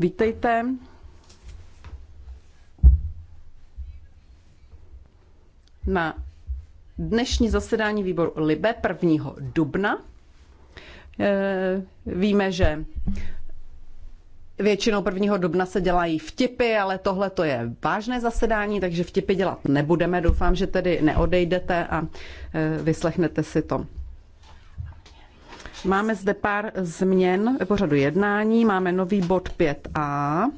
Vítejte. Na dnešní zasedání výboru LIBE 1. dubna. Eh, víme, že většinou 1. dubna se dělají vtipy, ale tohle to je vážné zasedání, takže vtipy dělat nebudeme. Doufám, že tedy neodejdete a eh, vyslechnete si to. Máme zde pár změn pořadu jednání. Máme nový bod 5a.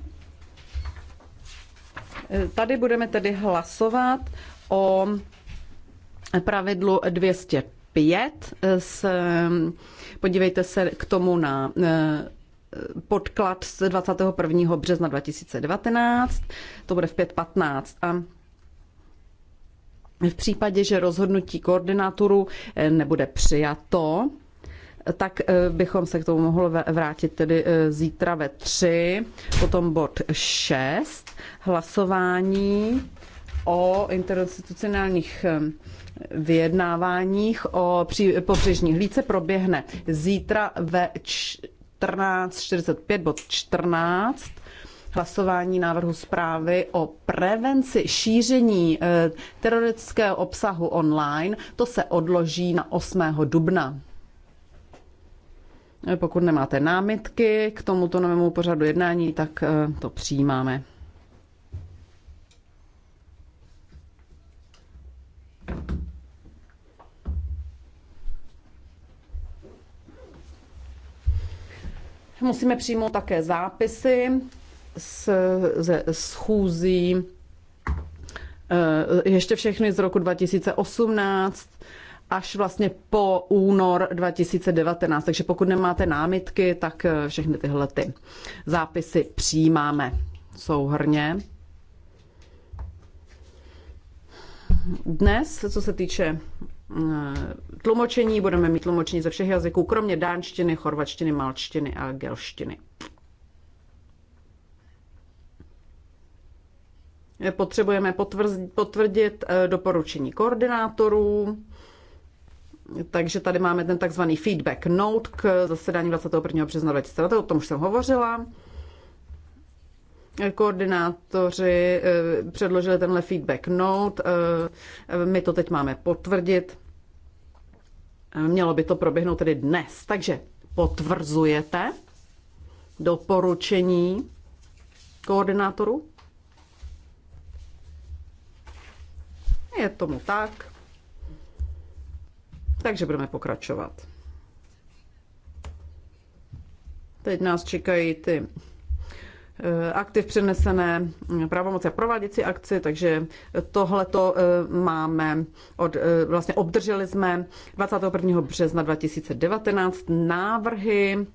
Tady budeme tedy hlasovat o pravidlu 205. S, podívejte se k tomu na e, podklad z 21. března 2019. To bude v 5.15. A v případě, že rozhodnutí koordinátoru e, nebude přijato, tak eh, bychom se k tomu mohli vrátit tedy eh, zítra ve 3, potom bod 6, hlasování o interinstitucionálních eh, vyjednáváních o pobřežní hlídce proběhne zítra ve 14.45, bod 14, hlasování návrhu zprávy o prevenci šíření teroristického obsahu online. To se odloží na 8. dubna. Pokud nemáte námitky k tomuto novému pořadu jednání, tak eh, to přijímáme. Musíme přijmout také zápisy z, ze schůzí eh, ještě všechny z roku 2018 až vlastně po únor 2019. Takže pokud nemáte námitky, tak eh, všechny tyhle ty zápisy přijímáme souhrně. Dnes, co se týče eh, tlumočení, budeme mít tlumočení ze všech jazyků, kromě dánštiny, chorvačtiny, malčtiny a gelštiny. Potřebujeme potvrdit eh, doporučení koordinátorů takže tady máme ten takzvaný feedback note k zasedání 21. března 2020, o tom už jsem hovořila. Koordinátoři eh, předložili tenhle feedback note, eh, my to teď máme potvrdit. Eh, mělo by to proběhnout tedy dnes, takže potvrzujete doporučení koordinátoru? Je tomu tak. Takže budeme pokračovat. Teď nás čekají ty eh, aktiv přenesené eh, a prováděcí akci, takže tohleto eh, máme, od, vlastně obdrželi jsme 21. března 2019 návrhy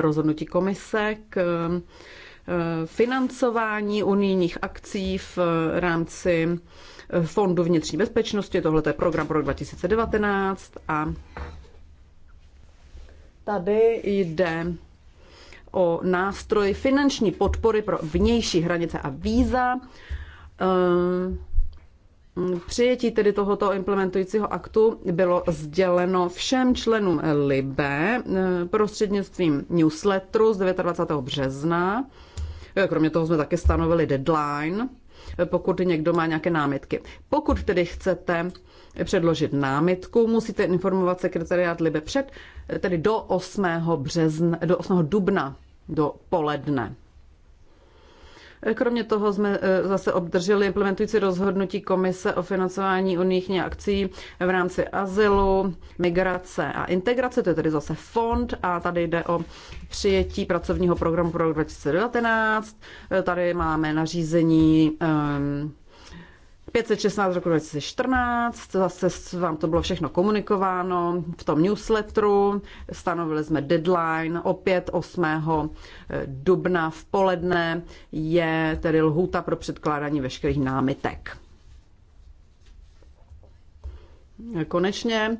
rozhodnutí komise k Eh, financování unijních akcí v eh, rámci eh, Fondu vnitřní bezpečnosti. Tohle je program pro rok 2019 a tady jde o nástroj finanční podpory pro vnější hranice a víza. Přijetí tedy tohoto implementujícího aktu bylo sděleno všem členům LIBE prostřednictvím newsletteru z 29. března Eh, kromě toho jsme také stanovili deadline, eh, pokud někdo má nějaké námitky. Pokud tedy chcete předložit námitku, musíte informovat sekretariát Libe před, eh, tedy do 8. března, do 8. dubna do poledne. Kromě toho jsme e, zase obdrželi implementující rozhodnutí Komise o financování unijních akcí v rámci azylu, migrace a integrace, to je tedy zase fond a tady jde o přijetí pracovního programu pro rok 2019. E, tady máme nařízení um, 516 roku 2014, zase vám to bylo všechno komunikováno v tom newsletteru, stanovili jsme deadline opět 8. Eh, dubna v poledne, je tedy lhůta pro předkládání veškerých námitek. Konečně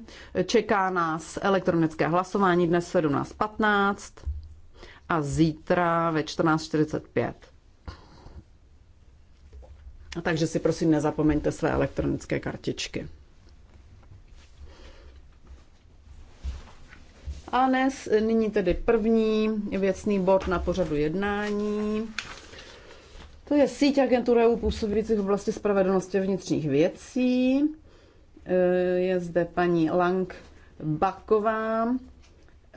čeká nás elektronické hlasování dnes 17.15 a zítra ve 14.45 takže si prosím nezapomeňte své elektronické kartičky. A dnes, nyní tedy první věcný bod na pořadu jednání. To je síť agentur EU působících v oblasti spravedlnosti vnitřních věcí. E, je zde paní Lang Baková,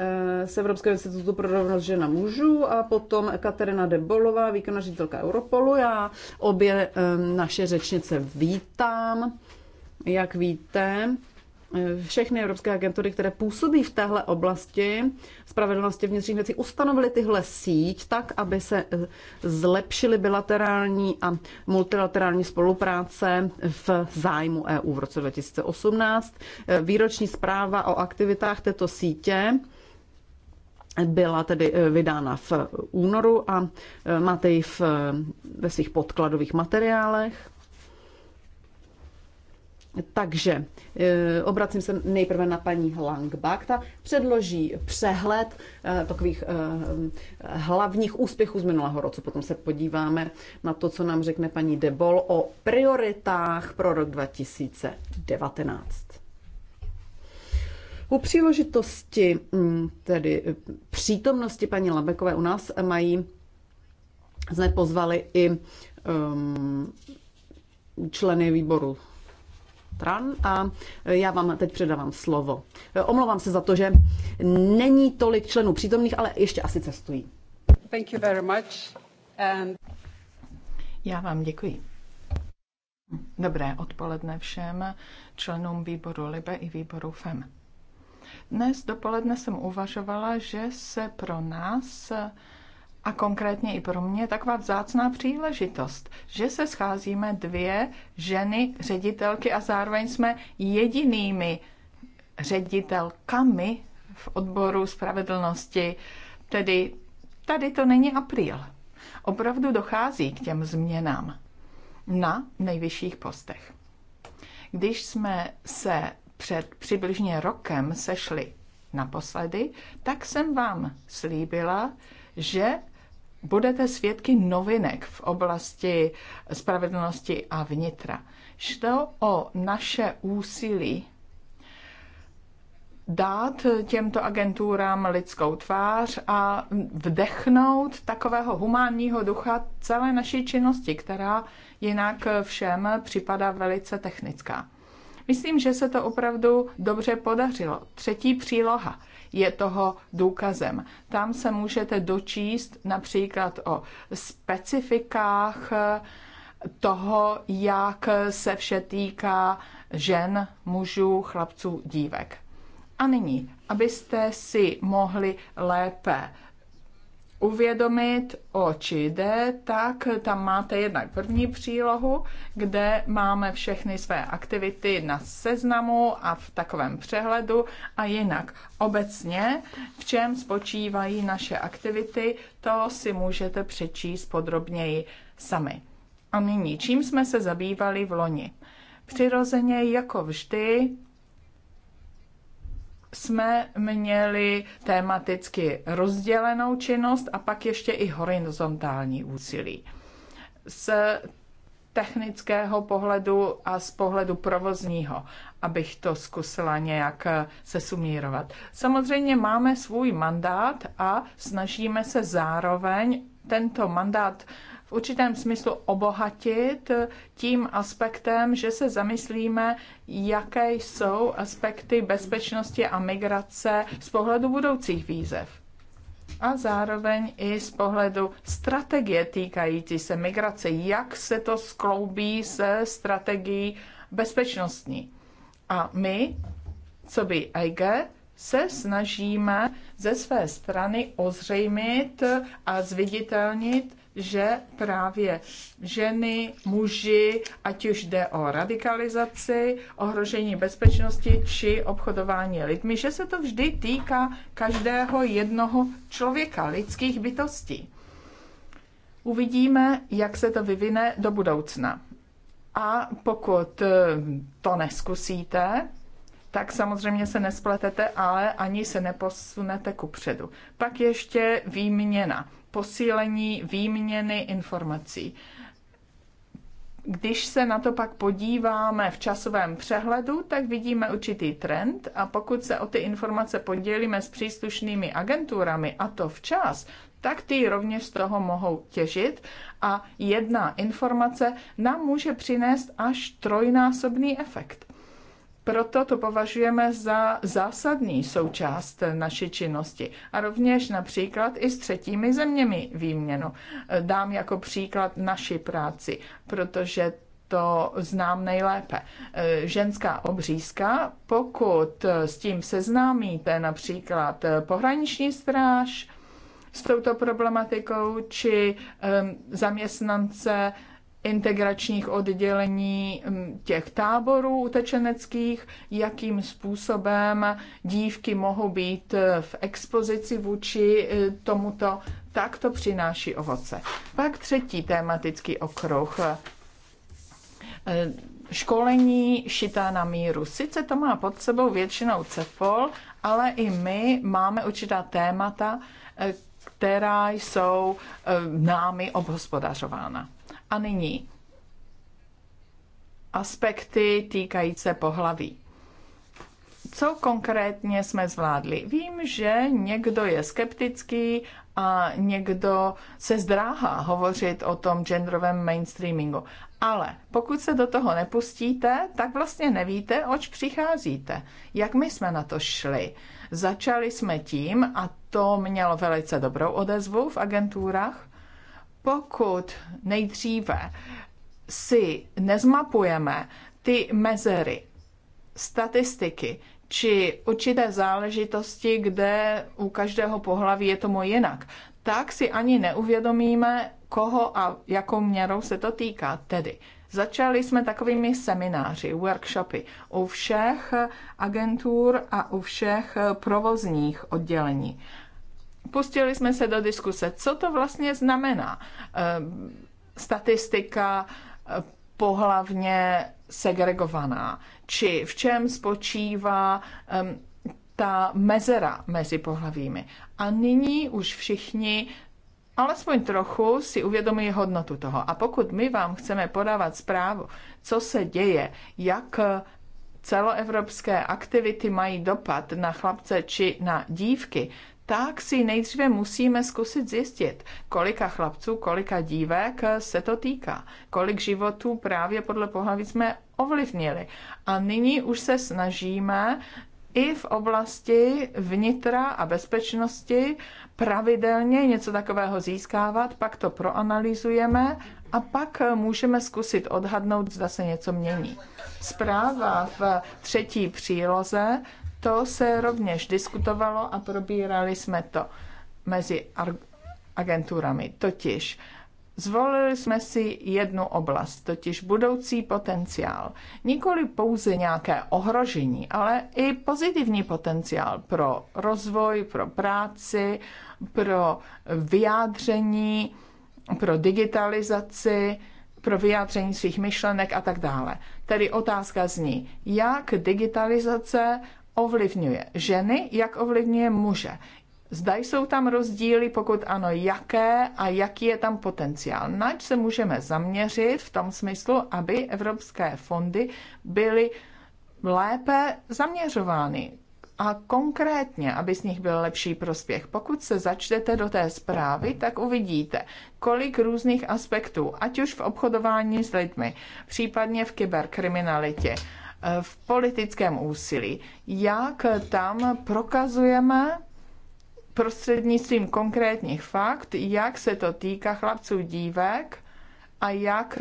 Eh, z Evropského institutu pro rovnost žena mužů a potom Katerina Debolová, výkonná ředitelka Europolu. Já obě eh, naše řečnice vítám. Jak víte, eh, všechny evropské agentury, které působí v téhle oblasti spravedlnosti vnitřních věcí, ustanovily tyhle síť tak, aby se zlepšily bilaterální a multilaterální spolupráce v zájmu EU v roce 2018. Výroční zpráva o aktivitách této sítě byla tedy eh, vydána v eh, únoru a eh, máte ji v, ve svých podkladových materiálech. Takže obracím se nejprve na paní Langbach. Ta předloží přehled takových hlavních úspěchů z minulého roku. Potom se podíváme na to, co nám řekne paní Debol o prioritách pro rok 2019. U příležitosti mm, tedy eh, přítomnosti paní Labekové u nás mají, jsme pozvali i um, členy výboru TRAN a eh, já vám teď předávám slovo. Eh, omlouvám se za to, že není tolik členů přítomných, ale ještě asi cestují. Thank you very much. And... Já vám děkuji. Dobré odpoledne všem členům výboru LIBE i výboru FEM. Dnes dopoledne jsem uvažovala, že se pro nás a konkrétně i pro mě taková vzácná příležitost, že se scházíme dvě ženy ředitelky a zároveň jsme jedinými ředitelkami v odboru spravedlnosti. Tedy tady to není apríl. Opravdu dochází k těm změnám na nejvyšších postech. Když jsme se před přibližně rokem sešli naposledy, tak jsem vám slíbila, že budete svědky novinek v oblasti spravedlnosti a vnitra. Šlo o naše úsilí dát těmto agenturám lidskou tvář a vdechnout takového humánního ducha celé naší činnosti, která jinak všem připadá velice technická. Myslím, že se to opravdu dobře podařilo. Třetí příloha je toho důkazem. Tam se můžete dočíst například o specifikách toho, jak se vše týká žen, mužů, chlapců, dívek. A nyní, abyste si mohli lépe uvědomit, o či jde, tak tam máte jednak první přílohu, kde máme všechny své aktivity na seznamu a v takovém přehledu a jinak obecně, v čem spočívají naše aktivity, to si můžete přečíst podrobněji sami. A nyní, čím jsme se zabývali v loni? Přirozeně, jako vždy, jsme měli tematicky rozdělenou činnost a pak ještě i horizontální úsilí. Z technického pohledu a z pohledu provozního, abych to zkusila nějak se sumírovat. Samozřejmě máme svůj mandát a snažíme se zároveň tento mandát v určitém smyslu obohatit tím aspektem, že se zamyslíme, jaké jsou aspekty bezpečnosti a migrace z pohledu budoucích výzev. A zároveň i z pohledu strategie týkající se migrace, jak se to skloubí se strategií bezpečnostní. A my, co by IG, se snažíme ze své strany ozřejmit a zviditelnit že právě ženy, muži, ať už jde o radikalizaci, ohrožení bezpečnosti či obchodování lidmi, že se to vždy týká každého jednoho člověka, lidských bytostí. Uvidíme, jak se to vyvine do budoucna. A pokud eh, to neskusíte, tak samozřejmě se nespletete, ale ani se neposunete ku předu. Pak ještě výměna posílení výměny informací. Když se na to pak podíváme v časovém přehledu, tak vidíme určitý trend a pokud se o ty informace podělíme s příslušnými agenturami a to včas, tak ty rovněž z toho mohou těžit a jedna informace nám může přinést až trojnásobný efekt. Proto to považujeme za zásadní součást naší činnosti a rovněž například i s třetími zeměmi výměnu. Dám jako příklad naši práci, protože to znám nejlépe. Ženská obřízka, pokud s tím seznámíte například pohraniční stráž, s touto problematikou, či ehm, zaměstnance integračních oddělení mm, těch táborů utečeneckých, jakým způsobem dívky mohou být e, v expozici vůči e, tomuto, tak to přináší ovoce. Pak třetí tématický okruh. E, školení šitá na míru. Sice to má pod sebou většinou CEPOL, ale i my máme určitá témata, která jsou námi obhospodařována. A nyní aspekty týkající se pohlaví. Co konkrétně jsme zvládli? Vím, že někdo je skeptický a někdo se zdráhá hovořit o tom genderovém mainstreamingu. Ale pokud se do toho nepustíte, tak vlastně nevíte, oč přicházíte. Jak my jsme na to šli? Začali jsme tím, a to mělo velice dobrou odezvu v agenturách, pokud nejdříve si nezmapujeme ty mezery, statistiky či určité záležitosti, kde u každého pohlaví je tomu jinak, tak si ani neuvědomíme, koho a jakou měrou se to týká. Tedy začali jsme takovými semináři, workshopy u všech agentur a u všech provozních oddělení pustili jsme se do diskuse, co to vlastně znamená. Eh, statistika eh, pohlavně segregovaná, či v čem spočívá ehm, ta mezera mezi pohlavími. A nyní už všichni alespoň trochu si uvědomí hodnotu toho. A pokud my vám chceme podávat zprávu, co se děje, jak eh, celoevropské aktivity mají dopad na chlapce či na dívky, tak si nejdříve musíme zkusit zjistit, kolika chlapců, kolika dívek se to týká, kolik životů právě podle pohlaví jsme ovlivnili. A nyní už se snažíme i v oblasti vnitra a bezpečnosti pravidelně něco takového získávat, pak to proanalýzujeme a pak můžeme zkusit odhadnout, zda se něco mění. Zpráva v třetí příloze to se rovněž diskutovalo a probírali jsme to mezi agenturami. Totiž zvolili jsme si jednu oblast, totiž budoucí potenciál. Nikoli pouze nějaké ohrožení, ale i pozitivní potenciál pro rozvoj, pro práci, pro vyjádření, pro digitalizaci, pro vyjádření svých myšlenek a tak dále. Tedy otázka zní, jak digitalizace ovlivňuje ženy, jak ovlivňuje muže. Zda jsou tam rozdíly, pokud ano, jaké a jaký je tam potenciál. Nač se můžeme zaměřit v tom smyslu, aby evropské fondy byly lépe zaměřovány a konkrétně, aby z nich byl lepší prospěch. Pokud se začtete do té zprávy, tak uvidíte, kolik různých aspektů, ať už v obchodování s lidmi, případně v kyberkriminalitě, v politickém úsilí, jak tam prokazujeme prostřednictvím konkrétních fakt, jak se to týká chlapců, dívek a jak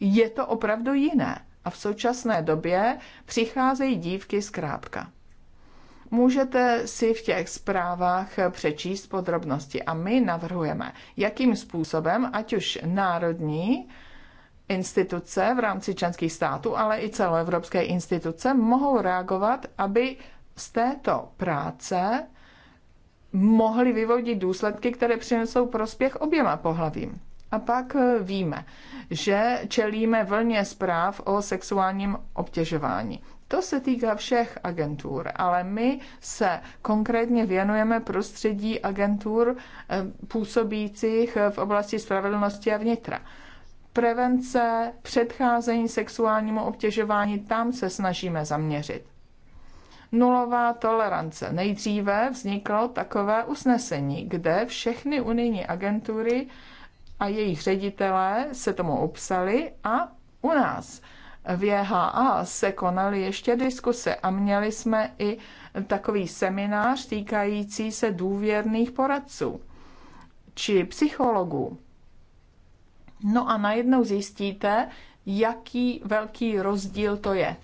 je to opravdu jiné. A v současné době přicházejí dívky zkrátka. Můžete si v těch zprávách přečíst podrobnosti a my navrhujeme, jakým způsobem, ať už národní, instituce v rámci členských států, ale i celoevropské instituce mohou reagovat, aby z této práce mohli vyvodit důsledky, které přinesou prospěch oběma pohlavím. A pak eh, víme, že čelíme vlně zpráv o sexuálním obtěžování. To se týká všech agentur, ale my se konkrétně věnujeme prostředí agentur eh, působících v oblasti spravedlnosti a vnitra prevence, předcházení sexuálnímu obtěžování, tam se snažíme zaměřit. Nulová tolerance. Nejdříve vzniklo takové usnesení, kde všechny unijní agentury a jejich ředitelé se tomu obsali a u nás v JHA se konaly ještě diskuse a měli jsme i takový seminář týkající se důvěrných poradců či psychologů No a najednou zjistíte, jaký velký rozdíl to je.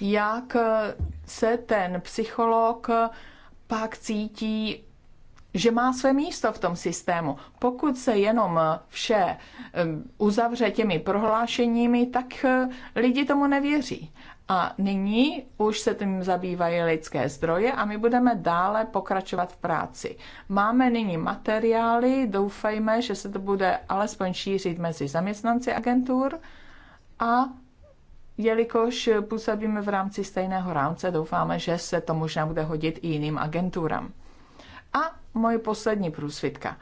Jak eh, se ten psycholog eh, pak cítí, že má své místo v tom systému. Pokud se jenom eh, vše uzavře těmi prohlášeními, tak lidi tomu nevěří. A nyní už se tím zabývají lidské zdroje a my budeme dále pokračovat v práci. Máme nyní materiály, doufejme, že se to bude alespoň šířit mezi zaměstnanci agentur a jelikož působíme v rámci stejného rámce, doufáme, že se to možná bude hodit i jiným agenturám. A moje poslední průsvitka.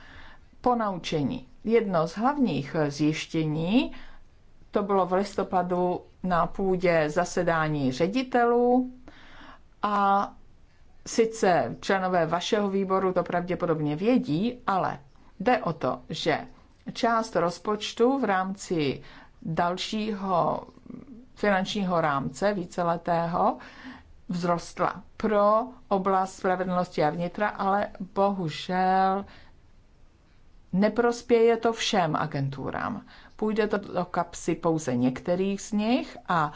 Po naučení. Jedno z hlavních zjištění, to bylo v listopadu na půdě zasedání ředitelů a sice členové vašeho výboru to pravděpodobně vědí, ale jde o to, že část rozpočtu v rámci dalšího finančního rámce víceletého vzrostla pro oblast spravedlnosti a vnitra, ale bohužel neprospěje to všem agenturám. Půjde to do kapsy pouze některých z nich a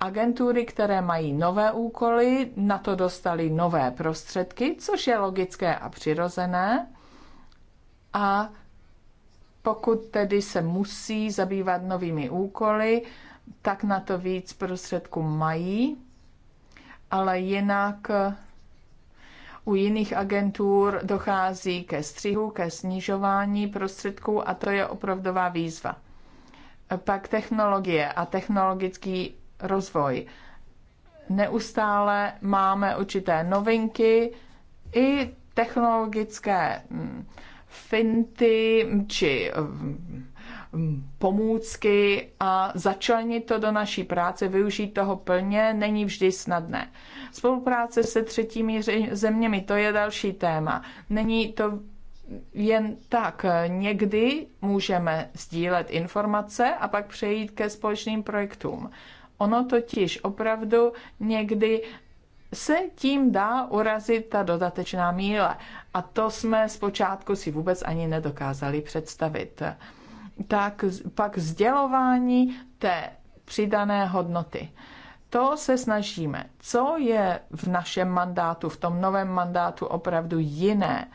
agentury, které mají nové úkoly, na to dostali nové prostředky, což je logické a přirozené. A pokud tedy se musí zabývat novými úkoly, tak na to víc prostředků mají, ale jinak u jiných agentur dochází ke střihu, ke snižování prostředků a to je opravdová výzva. Pak technologie a technologický rozvoj. Neustále máme určité novinky i technologické mm, finty či mm, Mm, pomůcky a začlenit to do naší práce, využít toho plně, není vždy snadné. Spolupráce se třetími zeměmi, to je další téma. Není to jen tak. Někdy můžeme sdílet informace a pak přejít ke společným projektům. Ono totiž opravdu někdy se tím dá urazit ta dodatečná míle. A to jsme zpočátku si vůbec ani nedokázali představit tak pak sdělování té přidané hodnoty. To se snažíme. Co je v našem mandátu, v tom novém mandátu opravdu jiné?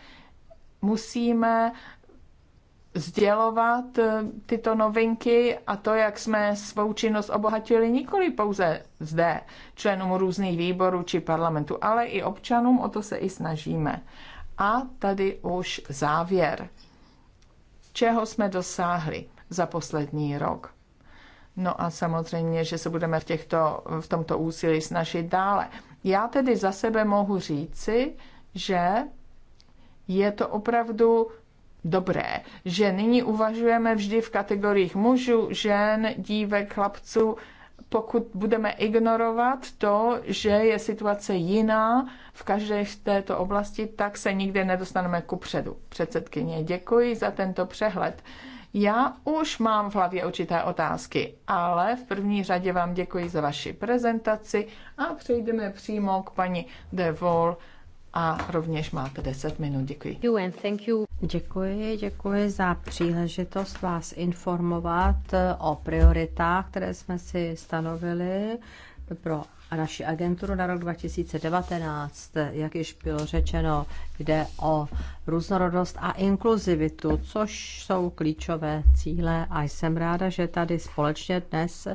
Musíme sdělovat e, tyto novinky a to, jak jsme svou činnost obohatili nikoli pouze zde, členům různých výborů či parlamentu, ale i občanům, o to se i snažíme. A tady už závěr čeho jsme dosáhli za poslední rok. No a samozřejmě, že se budeme v, těchto, v tomto úsilí snažit dále. Já tedy za sebe mohu říci, že je to opravdu dobré, že nyní uvažujeme vždy v kategoriích mužů, žen, dívek, chlapců, pokud budeme ignorovat to, že je situace jiná v každé z této oblasti, tak se nikdy nedostaneme ku předu. Předsedkyně, děkuji za tento přehled. Já už mám v hlavě určité otázky, ale v první řadě vám děkuji za vaši prezentaci a přejdeme přímo k paní De Vol a rovněž máte 10 minut. Děkuji. Děkuji, děkuji za příležitost vás informovat eh, o prioritách, které jsme si stanovili pro naši agenturu na rok 2019. Jak již bylo řečeno, jde o různorodost a inkluzivitu, což jsou klíčové cíle a jsem ráda, že tady společně dnes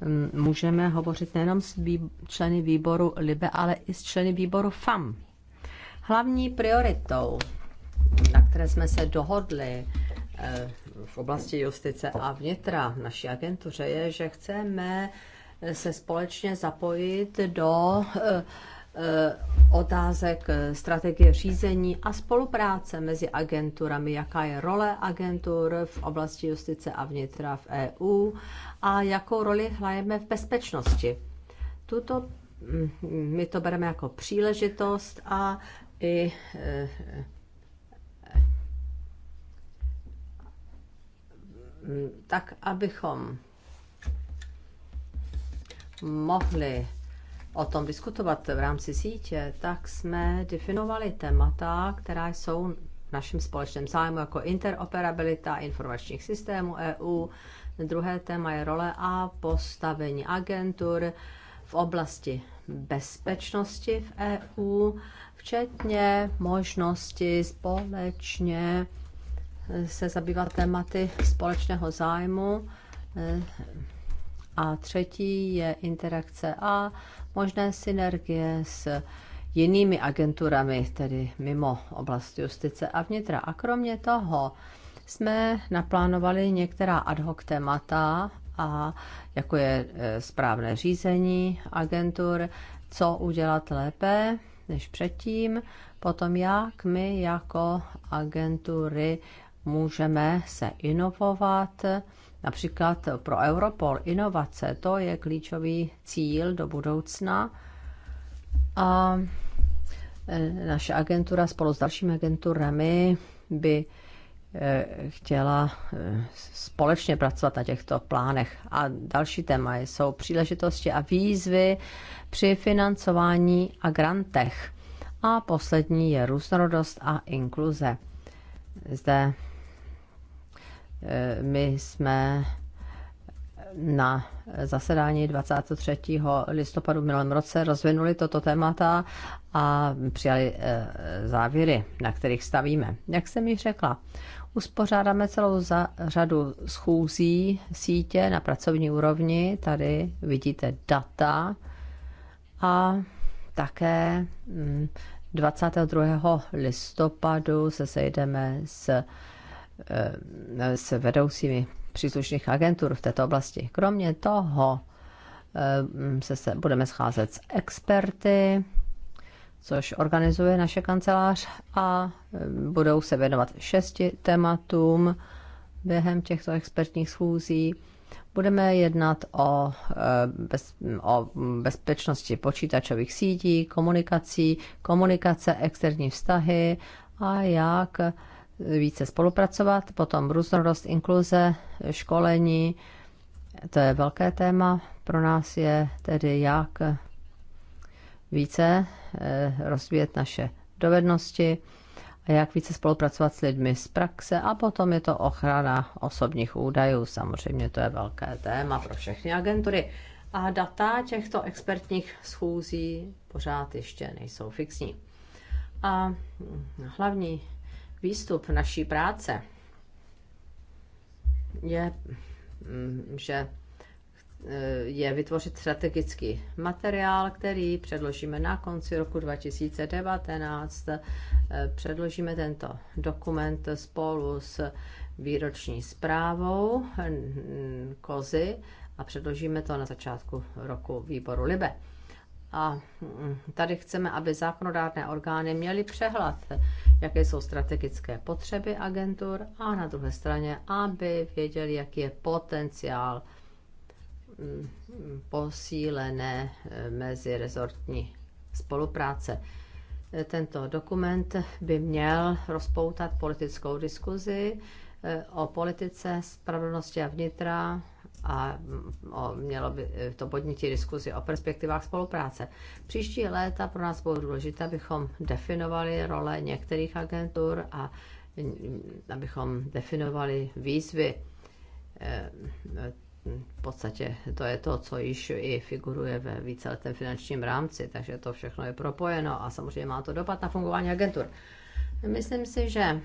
mm, můžeme hovořit nejenom s členy výboru LIBE, ale i s členy výboru FAM Hlavní prioritou, na které jsme se dohodli eh, v oblasti justice a vnitra v naší agentuře, je, že chceme eh, se společně zapojit do eh, otázek strategie řízení a spolupráce mezi agenturami, jaká je role agentur v oblasti justice a vnitra v EU a jakou roli hrajeme v bezpečnosti. Tuto mm, my to bereme jako příležitost a i e, tak, abychom mohli o tom diskutovat v rámci sítě, tak jsme definovali témata, která jsou v našem společném zájmu, jako interoperabilita informačních systémů EU. Druhé téma je role a postavení agentur v oblasti bezpečnosti v EU, včetně možnosti společně se zabývat tématy společného zájmu. A třetí je interakce a možné synergie s jinými agenturami, tedy mimo oblast justice a vnitra. A kromě toho jsme naplánovali některá ad hoc témata a jako je e, správné řízení agentur, co udělat lépe než předtím, potom jak my jako agentury můžeme se inovovat, například pro Europol inovace, to je klíčový cíl do budoucna a e, naše agentura spolu s dalšími agenturami by Eh, chtěla eh, společně pracovat na těchto plánech. A další téma jsou příležitosti a výzvy při financování a grantech. A poslední je různorodost a inkluze. Zde eh, my jsme na zasedání 23. listopadu v minulém roce rozvinuli toto témata a přijali závěry, na kterých stavíme. Jak jsem mi řekla, Uspořádáme celou za řadu schůzí sítě na pracovní úrovni. Tady vidíte data a také 22. Mm, listopadu se sejdeme s, eh, s vedoucími příslušných agentur v této oblasti. Kromě toho eh, mm, se, se budeme scházet s experty což organizuje naše kancelář a eh, budou se věnovat šesti tématům během těchto expertních schůzí. Budeme jednat o, eh, bez, o bezpečnosti počítačových sítí, komunikací, komunikace, externí vztahy a jak eh, více spolupracovat, potom různorodost, inkluze, školení. To je velké téma. Pro nás je tedy, jak více eh, rozvíjet naše dovednosti a jak více spolupracovat s lidmi z praxe a potom je to ochrana osobních údajů. Samozřejmě to je velké téma pro všechny agentury. A data těchto expertních schůzí pořád ještě nejsou fixní. A hlavní výstup naší práce je, mm, že Eh, je vytvořit strategický materiál, který předložíme na konci roku 2019. Eh, předložíme tento dokument spolu s výroční zprávou kozy a předložíme to na začátku roku výboru Libe. A mm, tady chceme, aby zákonodárné orgány měly přehled, jaké jsou strategické potřeby agentur a na druhé straně, aby věděli, jaký je potenciál posílené eh, mezirezortní spolupráce. Eh, tento dokument by měl rozpoutat politickou diskuzi eh, o politice spravedlnosti a vnitra a mm, o, mělo by to podnítit diskuzi o perspektivách spolupráce. Příští léta pro nás budou důležité, abychom definovali role některých agentur a mm, abychom definovali výzvy v podstatě to je to, co již i figuruje ve víceletém finančním rámci, takže to všechno je propojeno a samozřejmě má to dopad na fungování agentur. Myslím si, že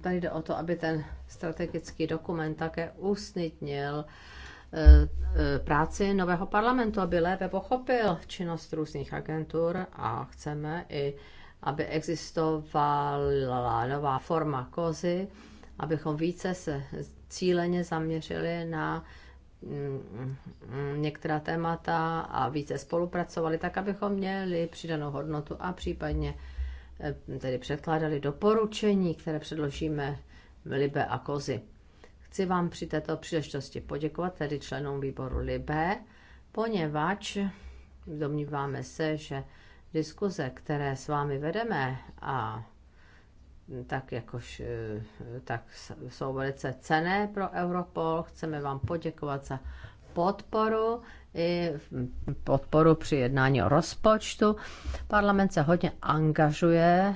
tady jde o to, aby ten strategický dokument také usnitnil eh, eh, práci nového parlamentu, aby lépe pochopil činnost různých agentur a chceme i, aby existovala nová forma kozy, abychom více se cíleně zaměřili na mm, mm, některá témata a více spolupracovali, tak abychom měli přidanou hodnotu a případně eh, tedy předkládali doporučení, které předložíme Libe a Kozy. Chci vám při této příležitosti poděkovat tedy členům výboru Libe, poněvadž domníváme se, že diskuze, které s vámi vedeme a tak, jakož, eh, tak jsou velice cené pro Europol. Chceme vám poděkovat za podporu i podporu při jednání o rozpočtu. Parlament se hodně angažuje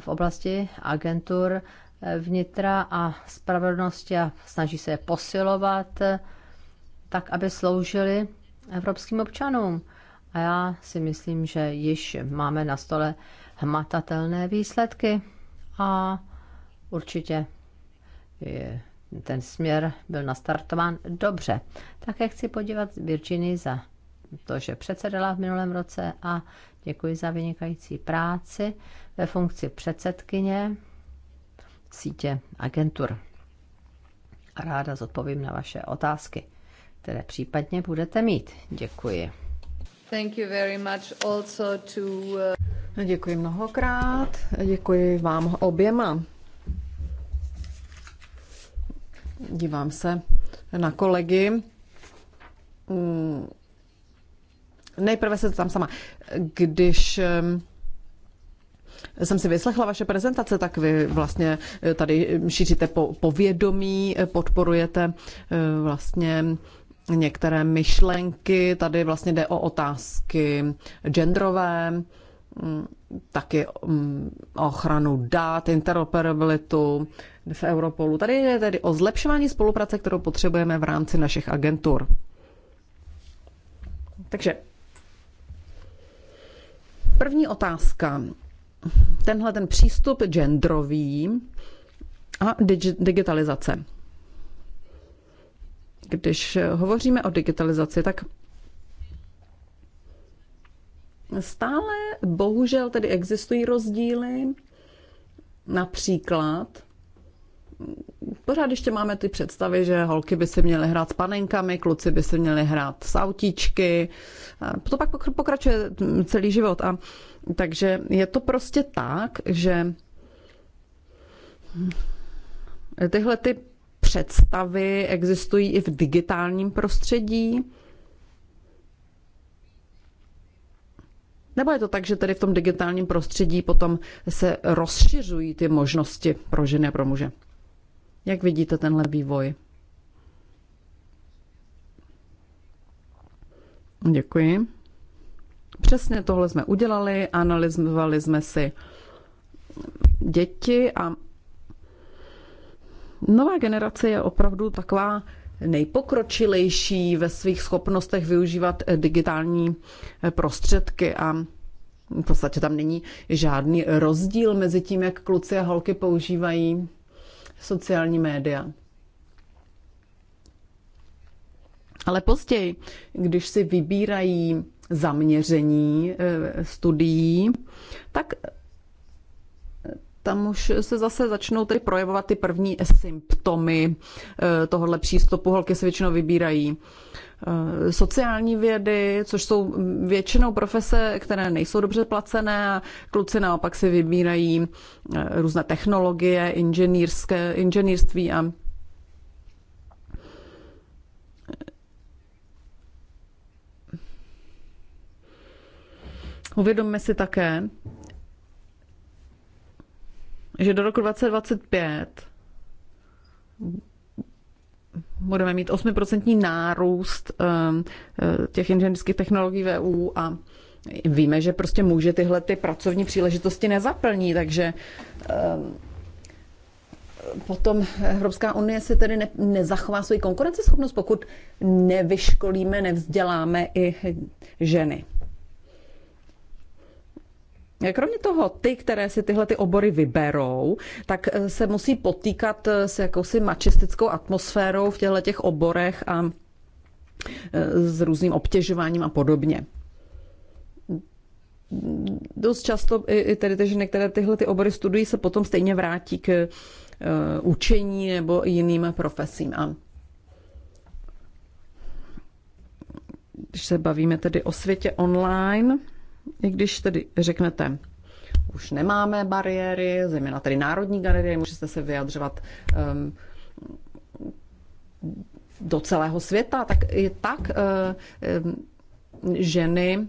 v oblasti agentur eh, vnitra a spravedlnosti a snaží se je posilovat eh, tak, aby sloužili evropským občanům. A já si myslím, že již máme na stole hmatatelné výsledky a určitě je, ten směr byl nastartován dobře. Také chci podívat Virginii za to, že předsedala v minulém roce a děkuji za vynikající práci ve funkci předsedkyně sítě agentur. A ráda zodpovím na vaše otázky, které případně budete mít. Děkuji. Thank you very much also to, uh... Děkuji mnohokrát. Děkuji vám oběma. Dívám se na kolegy. Mm, nejprve se tam sama. Když jsem si vyslechla vaše prezentace, tak vy vlastně tady šíříte povědomí, podporujete eh, vlastně některé myšlenky, tady vlastně jde o otázky genderové, Mm, taky mm, ochranu dát, interoperabilitu v Europolu. Tady je tedy o zlepšování spolupráce, kterou potřebujeme v rámci našich agentur. Takže první otázka. Tenhle ten přístup genderový a digitalizace. Když hovoříme o digitalizaci, tak Stále bohužel tedy existují rozdíly, například pořád ještě máme ty představy, že holky by se měly hrát s panenkami, kluci by se měli hrát s autíčky. To pak pokračuje celý život. A, takže je to prostě tak, že tyhle ty představy existují i v digitálním prostředí. Nebo je to tak, že tedy v tom digitálním prostředí potom se rozšiřují ty možnosti pro ženy a pro muže? Jak vidíte tenhle vývoj? Děkuji. Přesně tohle jsme udělali, analyzovali jsme si děti a nová generace je opravdu taková nejpokročilejší ve svých schopnostech využívat eh, digitální eh, prostředky a v podstatě tam není žádný rozdíl mezi tím, jak kluci a holky používají sociální média. Ale později, když si vybírají zaměření eh, studií, tak tam už se zase začnou tedy projevovat ty první symptomy eh, tohohle přístupu. Holky se většinou vybírají eh, sociální vědy, což jsou většinou profese, které nejsou dobře placené a kluci naopak si vybírají eh, různé technologie, inženýrské, inženýrství a Uvědomme si také, že do roku 2025 budeme mít 8% nárůst ehm, eh, těch inženýrských technologií v EU a víme, že prostě může tyhle ty pracovní příležitosti nezaplní, takže ehm, potom Evropská unie se tedy ne, nezachová svoji konkurenceschopnost, pokud nevyškolíme, nevzděláme i ženy. Kromě toho, ty, které si tyhle ty obory vyberou, tak eh, se musí potýkat eh, s jakousi mačistickou atmosférou v těchto těch oborech a eh, s různým obtěžováním a podobně. Dost často i tedy, že některé tyhle ty obory studují se potom stejně vrátí k učení nebo jiným profesím. A když se bavíme tedy o světě online, i když tedy řeknete, už nemáme bariéry, zejména tedy národní galerie, můžete se vyjadřovat um, do celého světa, tak i tak uh, um, ženy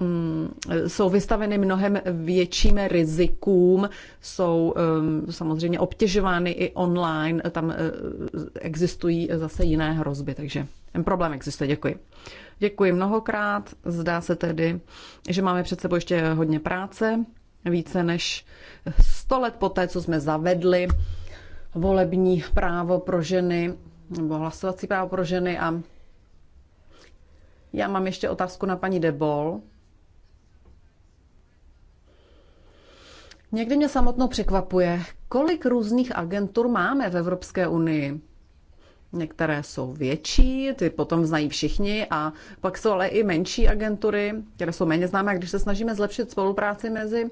um, jsou vystaveny mnohem větším rizikům, jsou um, samozřejmě obtěžovány i online, tam uh, existují zase jiné hrozby, takže ten problém existuje. Děkuji. Děkuji mnohokrát. Zdá se tedy, že máme před sebou ještě hodně práce. Více než 100 let poté, co jsme zavedli volební právo pro ženy, nebo hlasovací právo pro ženy. A já mám ještě otázku na paní Debol. Někdy mě samotnou překvapuje, kolik různých agentur máme v Evropské unii. Některé jsou větší, ty potom znají všichni a pak jsou ale i menší agentury, které jsou méně známé. A když se snažíme zlepšit spolupráci mezi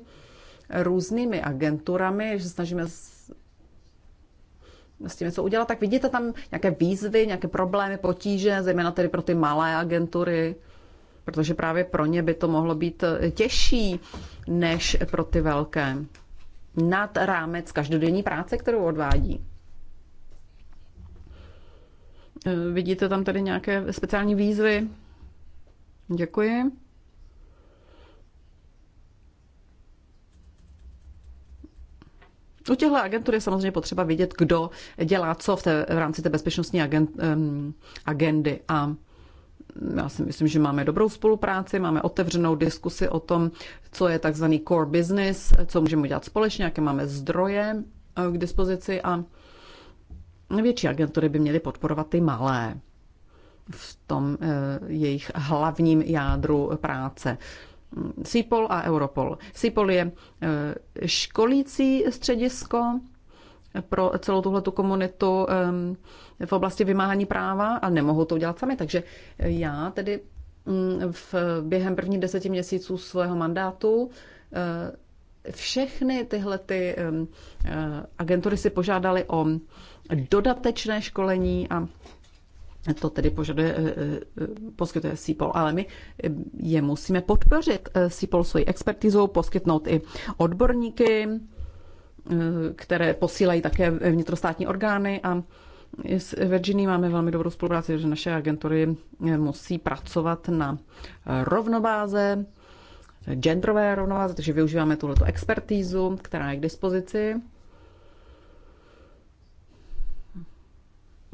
různými agenturami, že se snažíme s, tím něco udělat, tak vidíte tam nějaké výzvy, nějaké problémy, potíže, zejména tedy pro ty malé agentury, protože právě pro ně by to mohlo být těžší než pro ty velké. Nad rámec každodenní práce, kterou odvádí. Eh, vidíte tam tady nějaké speciální výzvy? Děkuji. U těchto agentů je samozřejmě potřeba vidět, kdo dělá co v, té, v rámci té bezpečnostní agent, um, agendy. A já si myslím, že máme dobrou spolupráci, máme otevřenou diskusi o tom, co je takzvaný core business, co můžeme dělat společně, jaké máme zdroje eh, k dispozici a Větší agentury by měly podporovat ty malé v tom eh, jejich hlavním jádru práce. CIPOL a Europol. CIPOL je eh, školící středisko pro celou tuhle komunitu eh, v oblasti vymáhání práva a nemohou to udělat sami. Takže já tedy mm, v, během prvních deseti měsíců svého mandátu všechny tyhle ty eh, agentury si požádali o dodatečné školení a to tedy požaduje, eh, eh, poskytuje SIPOL, ale my je musíme podpořit SIPOL svojí expertizou, poskytnout i odborníky, které posílají také vnitrostátní orgány a s Virginie máme velmi dobrou spolupráci, že naše agentury musí pracovat na rovnováze genderové rovnováze, takže využíváme tuhleto expertízu, která je k dispozici.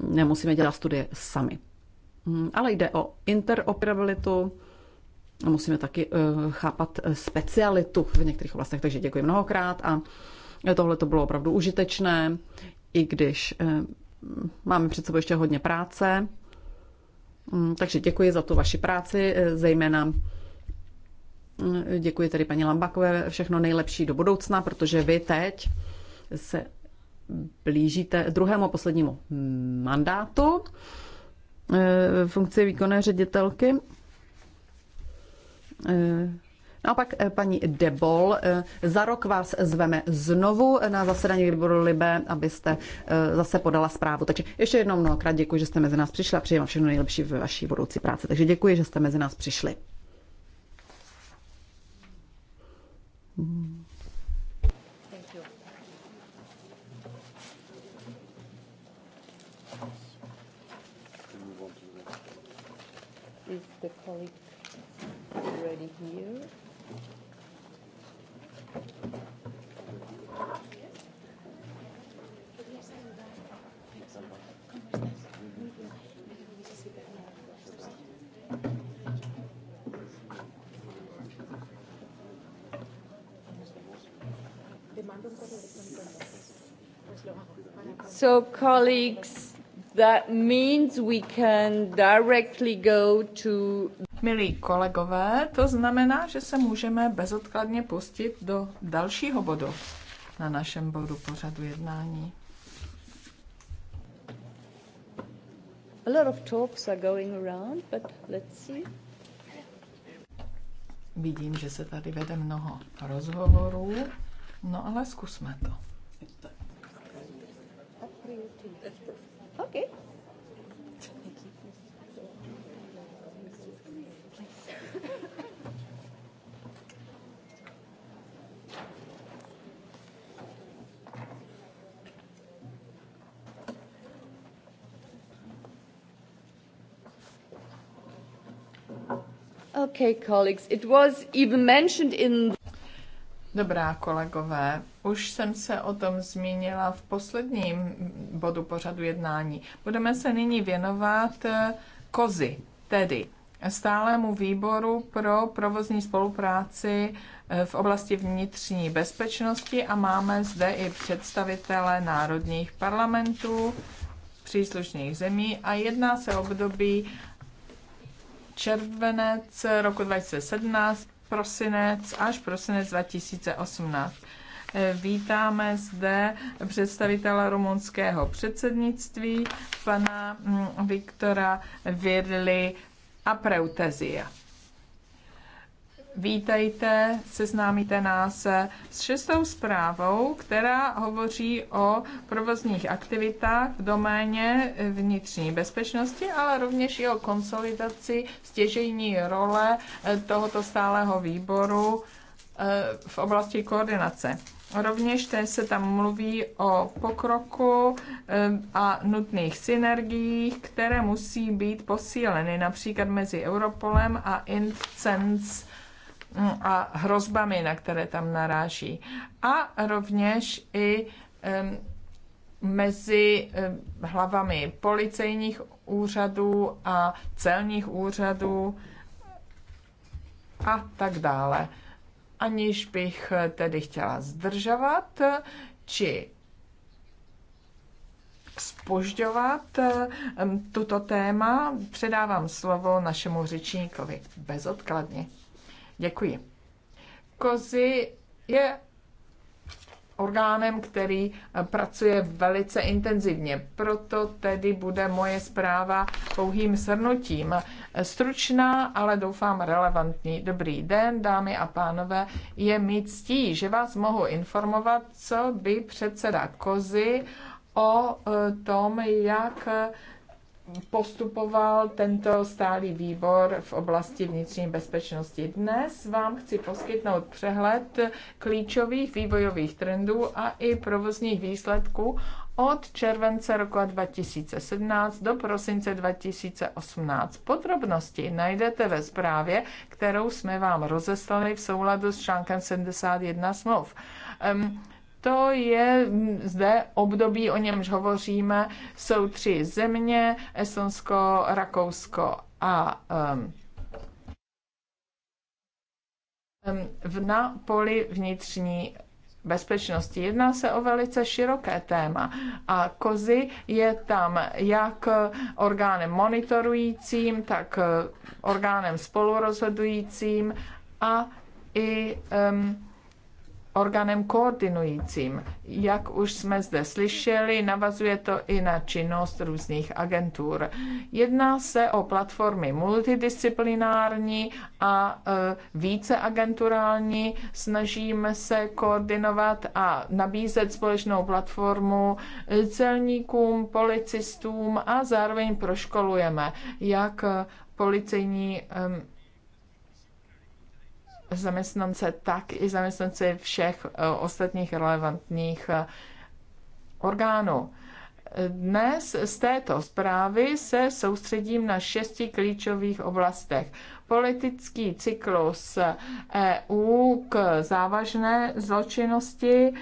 Nemusíme dělat studie sami. Mm, ale jde o interoperabilitu, musíme taky eh, chápat specialitu v některých oblastech, takže děkuji mnohokrát a tohle to bylo opravdu užitečné, i když eh, máme před sebou ještě hodně práce. Mm, takže děkuji za tu vaši práci, eh, zejména Děkuji tedy paní Lambakové, všechno nejlepší do budoucna, protože vy teď se blížíte druhému poslednímu mandátu eh, funkci výkonné ředitelky. Eh, naopak eh, paní Debol, za rok vás zveme znovu na zasedání výboru Libe, abyste zase podala zprávu. Takže ještě jednou mnohokrát děkuji, že jste mezi nás přišla. Přeji vám všechno nejlepší v vaší budoucí práci. Takže děkuji, že jste mezi nás přišli. Is the colleague already here? So, colleagues, that means we can directly go to... Milí kolegové, to znamená, že se můžeme bezodkladně pustit do dalšího bodu na našem bodu pořadu jednání. A lot of talks are going around, but let's see. Vidím, že se tady vede mnoho rozhovorů, no ale zkusme to you too. That's perfect. Okay. Okay, colleagues, it was even mentioned in... Dobrá, kolegové, už jsem se o tom zmínila v posledním bodu pořadu jednání. Budeme se nyní věnovat eh, kozy, tedy stálému výboru pro provozní spolupráci eh, v oblasti vnitřní bezpečnosti a máme zde i představitele národních parlamentů příslušných zemí a jedná se o období červenec roku 2017, prosinec až prosinec 2018. Vítáme zde představitele rumunského předsednictví, pana mm, Viktora Virli a Preutezia. Vítejte, seznámíte nás s šestou zprávou, která hovoří o provozních aktivitách v doméně vnitřní bezpečnosti, ale rovněž i o konsolidaci stěžejní role tohoto stálého výboru eh, v oblasti koordinace. Rovněž se tam mluví o pokroku eh, a nutných synergiích, které musí být posíleny například mezi Europolem a Incens mm, a hrozbami, na které tam naráží. A rovněž i mezi eh, hlavami policejních úřadů a celních úřadů a tak dále aniž bych tedy chtěla zdržovat či spožďovat tuto téma. Předávám slovo našemu řečníkovi bezodkladně. Děkuji. Kozy je orgánem, který eh, pracuje velice intenzivně. Proto tedy bude moje zpráva pouhým shrnutím. Stručná, ale doufám relevantní. Dobrý den, dámy a pánové. Je mi ctí, že vás mohu informovat, co by předseda Kozy o eh, tom, jak eh, postupoval tento stálý výbor v oblasti vnitřní bezpečnosti. Dnes vám chci poskytnout přehled klíčových vývojových trendů a i provozních výsledků od července roku 2017 do prosince 2018. Podrobnosti najdete ve zprávě, kterou jsme vám rozeslali v souladu s článkem 71 smluv. Um, to je mm, zde období, o němž hovoříme. Jsou tři země, Esonsko, Rakousko a um, v na poli vnitřní bezpečnosti. Jedná se o velice široké téma a kozy je tam jak orgánem monitorujícím, tak eh, orgánem spolurozhodujícím a i um, orgánem koordinujícím. Jak už jsme zde slyšeli, navazuje to i na činnost různých agentur. Jedná se o platformy multidisciplinární a e, více agenturální. Snažíme se koordinovat a nabízet společnou platformu celníkům, policistům a zároveň proškolujeme, jak policejní zaměstnance, tak i zaměstnance všech eh, ostatních relevantních eh, orgánů. Dnes z této zprávy se soustředím na šesti klíčových oblastech politický cyklus EU k závažné zločinnosti,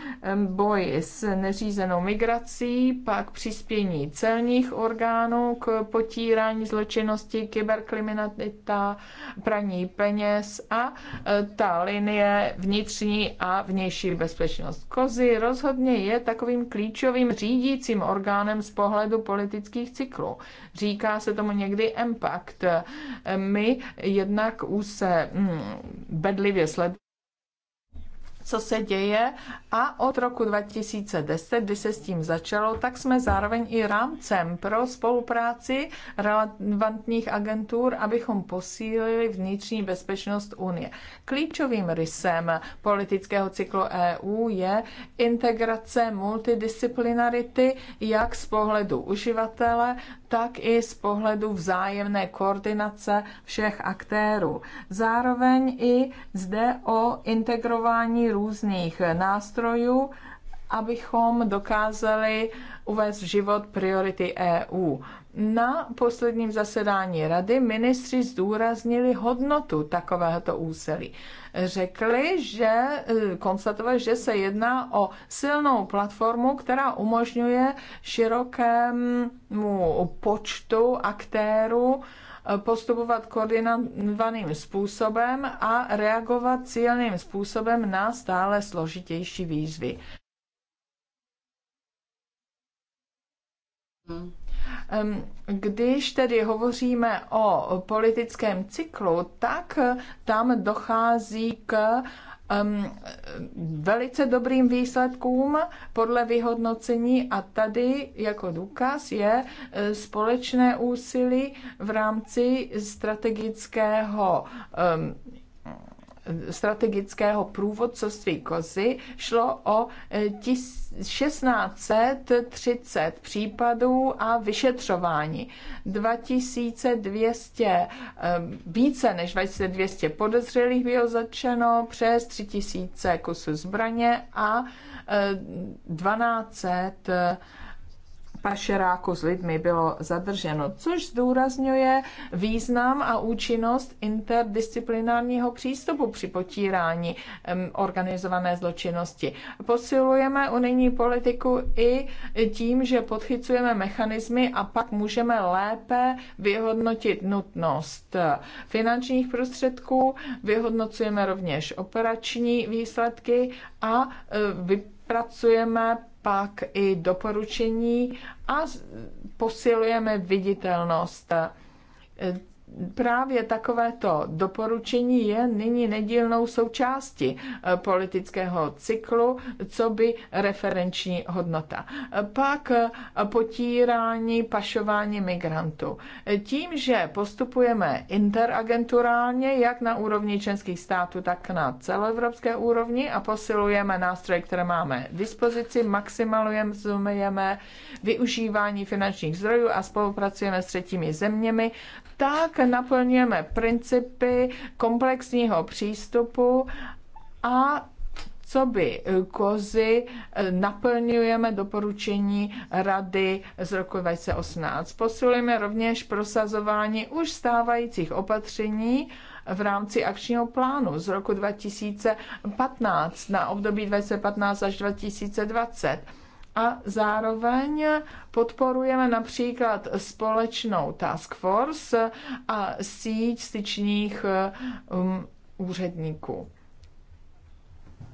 boj s neřízenou migrací, pak přispění celních orgánů k potírání zločinnosti, kyberkriminalita, praní peněz a e, ta linie vnitřní a vnější bezpečnost. Kozy rozhodně je takovým klíčovým řídícím orgánem z pohledu politických cyklů. Říká se tomu někdy impact. E, my jednak už se mm, bedlivě sleduje, co se děje a od roku 2010, kdy se s tím začalo, tak jsme zároveň i rámcem pro spolupráci relevantních agentur, abychom posílili vnitřní bezpečnost Unie. Klíčovým rysem politického cyklu EU je integrace multidisciplinarity jak z pohledu uživatele, tak i z pohledu vzájemné koordinace všech aktérů. Zároveň i zde o integrování různých nástrojů, abychom dokázali uvést v život priority EU. Na posledním zasedání rady ministři zdůraznili hodnotu takovéhoto úsilí. Řekli, že eh, konstatovali, že se jedná o silnou platformu, která umožňuje širokému počtu aktérů eh, postupovat koordinovaným způsobem a reagovat cílným způsobem na stále složitější výzvy. Hmm. Když tedy hovoříme o politickém cyklu, tak tam dochází k velice dobrým výsledkům podle vyhodnocení a tady jako důkaz je eh, společné úsilí v rámci strategického strategického průvodcovství kozy šlo o 1630 e, případů a vyšetřování. 2200, e, více než 2200 podezřelých bylo začeno, přes 3000 kusů zbraně a 1200 e, pašeráku s lidmi bylo zadrženo, což zdůrazňuje význam a účinnost interdisciplinárního přístupu při potírání organizované zločinnosti. Posilujeme unijní politiku i tím, že podchycujeme mechanismy a pak můžeme lépe vyhodnotit nutnost finančních prostředků, vyhodnocujeme rovněž operační výsledky a e, vypracujeme pak i doporučení a posilujeme viditelnost Právě takovéto doporučení je nyní nedílnou součástí eh, politického cyklu, co by referenční hodnota. Eh, pak eh, potírání, pašování migrantů. Tím, že postupujeme interagenturálně, jak na úrovni členských států, tak na celoevropské úrovni a posilujeme nástroje, které máme v dispozici, maximalujeme, využívání finančních zdrojů a spolupracujeme s třetími zeměmi, tak naplňujeme principy komplexního přístupu a co by kozy eh, naplňujeme doporučení rady z roku 2018. Posilujeme rovněž prosazování už stávajících opatření v rámci akčního plánu z roku 2015 na období 2015 až 2020 a zároveň podporujeme například společnou task force a síť styčních um, úředníků.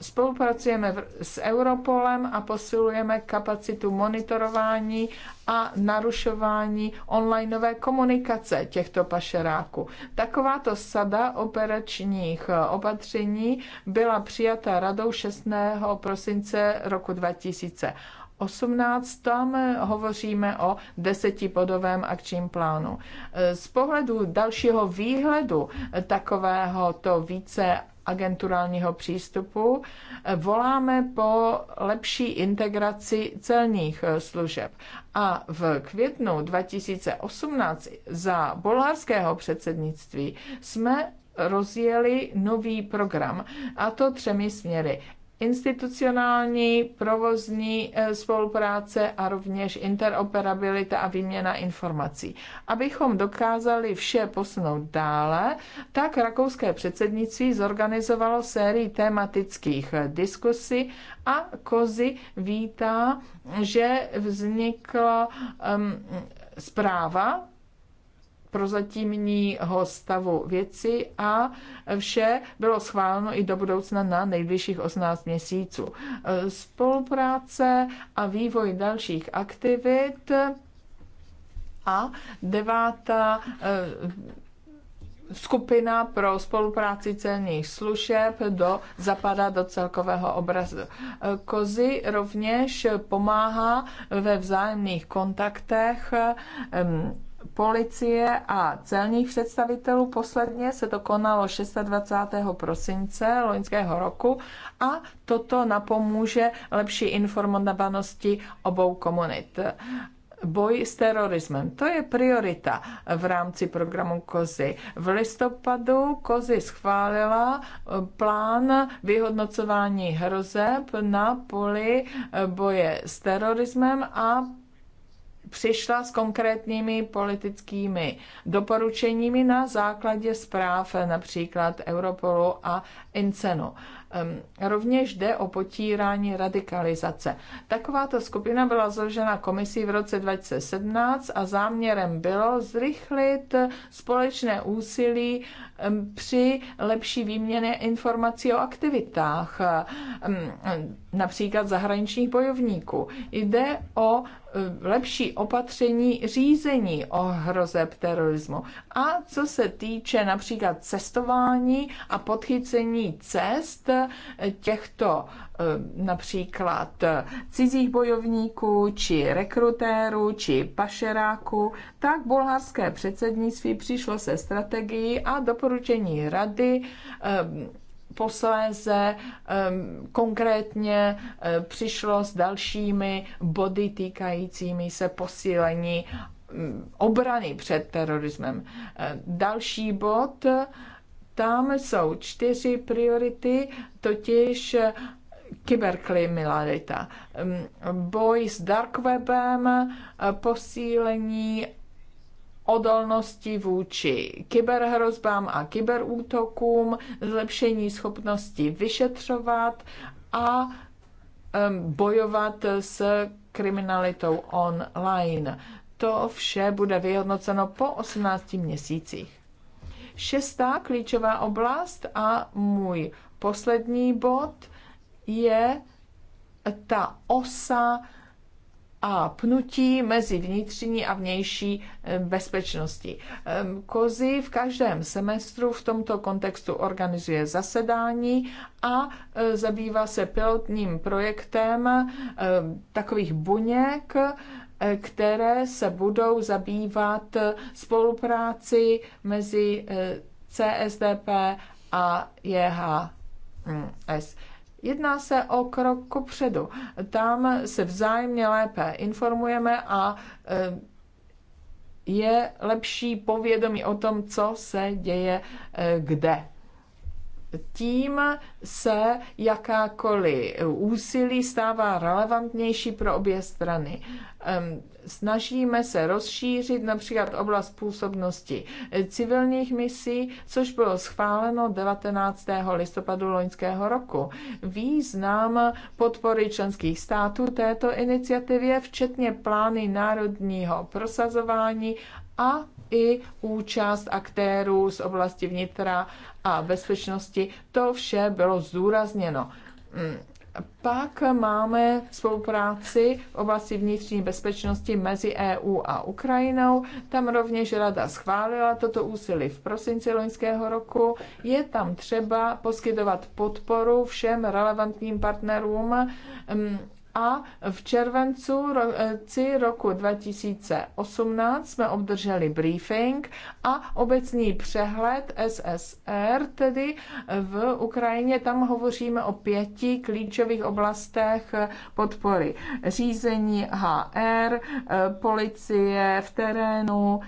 Spolupracujeme s Europolem a posilujeme kapacitu monitorování a narušování onlineové komunikace těchto pašeráků. Takováto sada operačních eh, opatření byla přijata radou 6. prosince roku 2000 18 eh, hovoříme o desetibodovém akčním plánu. Eh, z pohledu dalšího výhledu eh, takového to více agenturálního přístupu voláme po lepší integraci celních služeb. A v květnu 2018 za bolharského předsednictví jsme rozjeli nový program, a to třemi směry institucionální, provozní eh, spolupráce a rovněž interoperabilita a výměna informací. Abychom dokázali vše posunout dále, tak rakouské předsednictví zorganizovalo sérii tematických eh, diskusí a Kozy vítá, že vznikla um, zpráva prozatímního stavu věci a vše bylo schváleno i do budoucna na nejbližších 18 měsíců. Spolupráce a vývoj dalších aktivit a devátá eh, skupina pro spolupráci celních služeb do, zapadá do celkového obrazu. Kozy rovněž pomáhá ve vzájemných kontaktech policie a celních představitelů. Posledně se to konalo 26. prosince loňského roku a toto napomůže lepší informovanosti obou komunit. Boj s terorismem, to je priorita v rámci programu COZY. V listopadu COZY schválila eh, plán vyhodnocování hrozeb na poli eh, boje s terorismem a přišla s konkrétními politickými doporučeními na základě zpráv například Europolu a Incenu. Ehm, rovněž jde o potírání radikalizace. Takováto skupina byla založena komisí v roce 2017 a záměrem bylo zrychlit společné úsilí ehm, při lepší výměně informací o aktivitách, ehm, například zahraničních bojovníků. Jde o Eh, lepší opatření řízení o hrozeb terorismu. A co se týče například cestování a podchycení cest eh, těchto eh, například cizích bojovníků, či rekrutérů, či pašeráků, tak bulharské předsednictví přišlo se strategií a doporučení rady posléze um, konkrétně um, přišlo s dalšími body týkajícími se posílení um, obrany před terorismem. Um, další bod, tam jsou čtyři priority, totiž eh, kyberkriminalita, boj s darkwebem, posílení odolnosti vůči kyberhrozbám a kyberútokům, zlepšení schopnosti vyšetřovat a bojovat s kriminalitou online. To vše bude vyhodnoceno po 18 měsících. Šestá klíčová oblast a můj poslední bod je ta osa a pnutí mezi vnitřní a vnější eh, bezpečnosti. Ehm, kozy v každém semestru v tomto kontextu organizuje zasedání a eh, zabývá se pilotním projektem eh, takových buněk, které se budou zabývat spolupráci mezi CSDP a JHS. Jedná se o krok kopředu. Tam se vzájemně lépe informujeme a eh, je lepší povědomí o tom, co se děje eh, kde. Tím se jakákoliv úsilí stává relevantnější pro obě strany. Ehm, snažíme se rozšířit například oblast působnosti civilních misí, což bylo schváleno 19. listopadu loňského roku. Význam podpory členských států této iniciativě, včetně plány národního prosazování a i účast aktérů z oblasti vnitra a bezpečnosti, to vše bylo zdůrazněno mm. Pak máme spolupráci v oblasti vnitřní bezpečnosti mezi EU a Ukrajinou. Tam rovněž Rada schválila toto úsilí v prosinci loňského roku. Je tam třeba poskytovat podporu všem relevantním partnerům mm, a v červencu eh, roku 2018 jsme obdrželi briefing a obecný přehled SSR, tedy eh, v Ukrajině. Tam hovoříme o pěti klíčových oblastech eh, podpory. Řízení HR, policie v terénu,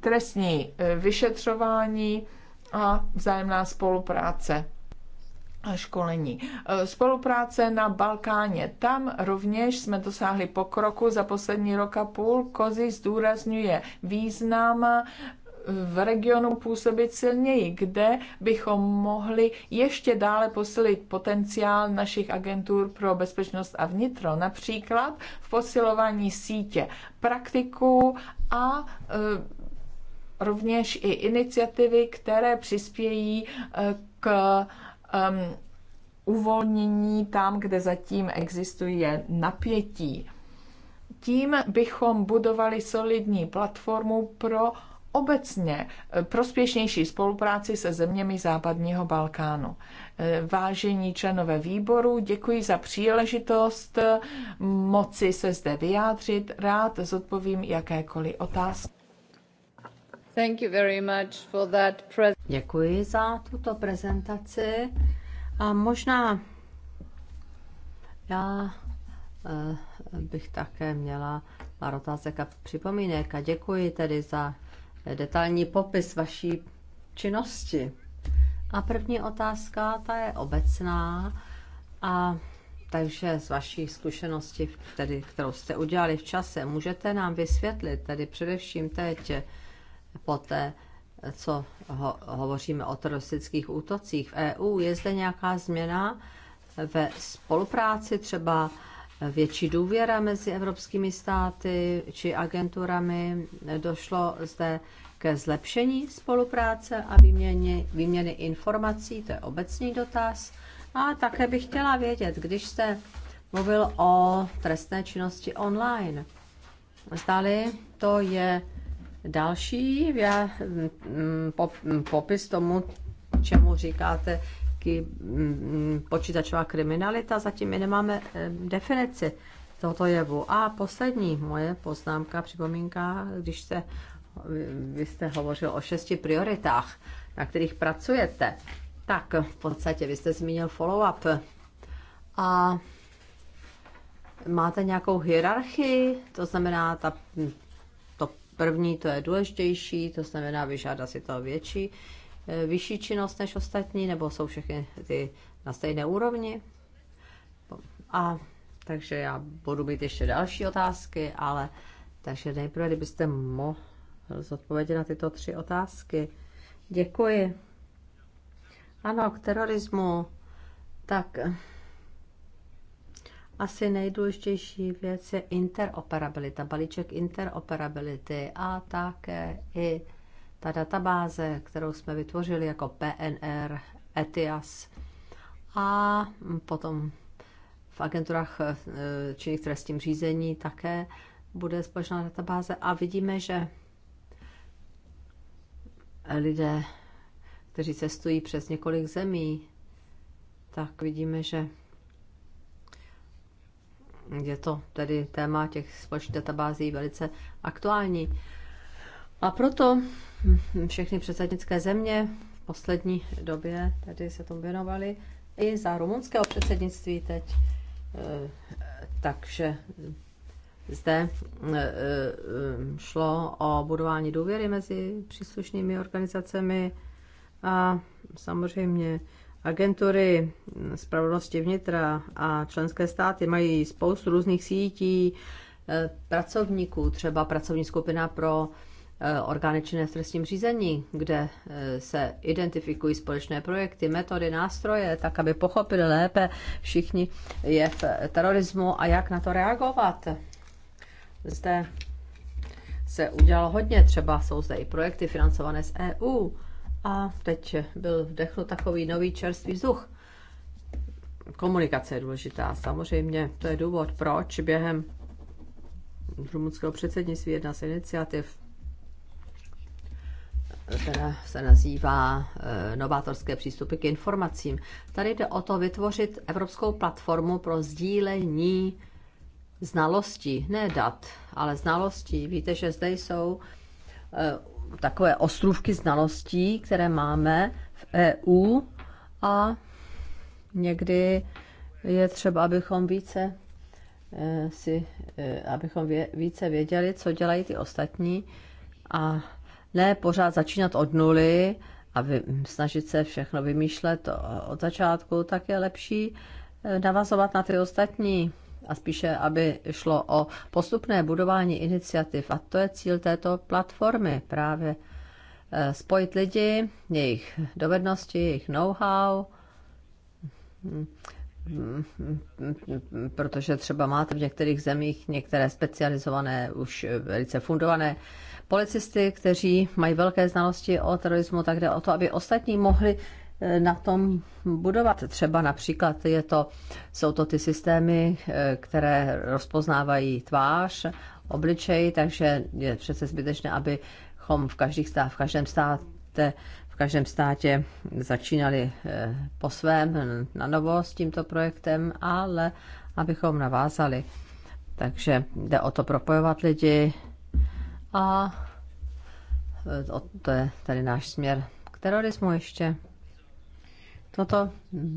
trestní vyšetřování a vzájemná spolupráce školení. Eh, spolupráce na Balkáně. Tam rovněž jsme dosáhli pokroku za poslední rok a půl. Kozy zdůrazňuje význam eh, v regionu působit silněji, kde bychom mohli ještě dále posilit potenciál našich agentur pro bezpečnost a vnitro, například v posilování sítě praktiků a e, rovněž i iniciativy, které přispějí e, k um, uvolnění tam, kde zatím existuje napětí. Tím bychom budovali solidní platformu pro obecně eh, prospěšnější spolupráci se zeměmi západního Balkánu. Eh, vážení členové výboru, děkuji za příležitost eh, moci se zde vyjádřit. Rád zodpovím jakékoliv otázky. Děkuji za tuto prezentaci. A možná já eh, bych také měla pár otázek a připomínek a děkuji tedy za detailní popis vaší činnosti. A první otázka, ta je obecná a takže z vaší zkušenosti, tedy, kterou jste udělali v čase, můžete nám vysvětlit, tedy především teď, poté, co ho, hovoříme o teroristických útocích v EU, je zde nějaká změna ve spolupráci, třeba větší důvěra mezi evropskými státy či agenturami. Došlo zde ke zlepšení spolupráce a výměny, výměny informací, to je obecný dotaz. A také bych chtěla vědět, když jste mluvil o trestné činnosti online, zdali to je Další já, mm, pop, mm, popis tomu, čemu říkáte ký, mm, počítačová kriminalita, zatím my nemáme eh, definici tohoto jevu. A poslední moje poznámka, připomínka, když se, vy jste hovořil o šesti prioritách, na kterých pracujete, tak v podstatě vy jste zmínil follow-up a máte nějakou hierarchii, to znamená ta První to je důležitější, to znamená vyžádat si to větší, eh, vyšší činnost než ostatní, nebo jsou všechny ty na stejné úrovni. A takže já budu mít ještě další otázky, ale takže nejprve, kdybyste mohl zodpovědět na tyto tři otázky. Děkuji. Ano, k terorismu. Tak asi nejdůležitější věc je interoperabilita, balíček interoperability a také i ta databáze, kterou jsme vytvořili jako PNR, ETIAS a potom v agenturách eh, činných trestním řízení také bude společná databáze a vidíme, že lidé, kteří cestují přes několik zemí, tak vidíme, že je to tedy téma těch společných databází velice aktuální. A proto všechny předsednické země v poslední době tedy se tomu věnovaly i za rumunského předsednictví teď. Eh, takže zde eh, eh, šlo o budování důvěry mezi příslušnými organizacemi a samozřejmě Agentury spravedlnosti vnitra a členské státy mají spoustu různých sítí eh, pracovníků, třeba pracovní skupina pro eh, orgány činné v trestním řízení, kde eh, se identifikují společné projekty, metody, nástroje, tak aby pochopili lépe všichni jev terorismu a jak na to reagovat. Zde se udělalo hodně, třeba jsou zde i projekty financované z EU a teď byl vdechl takový nový čerstvý vzduch. Komunikace je důležitá, samozřejmě. To je důvod, proč během rumunského předsednictví jedna z iniciativ, která se nazývá e, Novátorské přístupy k informacím. Tady jde o to vytvořit evropskou platformu pro sdílení znalostí, ne dat, ale znalostí. Víte, že zde jsou e, takové ostrůvky znalostí, které máme v EU a někdy je třeba, abychom více eh, si, eh, abychom více věděli, co dělají ty ostatní a ne pořád začínat od nuly a vy, snažit se všechno vymýšlet od začátku, tak je lepší eh, navazovat na ty ostatní a spíše, aby šlo o postupné budování iniciativ. A to je cíl této platformy právě eh, spojit lidi, jejich dovednosti, jejich know-how, protože třeba máte v některých zemích některé specializované, už velice fundované policisty, kteří mají velké znalosti o terorismu, tak jde o to, aby ostatní mohli Eh, na tom budovat. Třeba například je to, jsou to ty systémy, eh, které rozpoznávají tvář, obličej, takže je přece zbytečné, abychom v, každých stát, v každém státě v každém státě začínali eh, po svém na novo s tímto projektem, ale abychom navázali. Takže jde o to propojovat lidi a to je tady náš směr k terorismu ještě. No to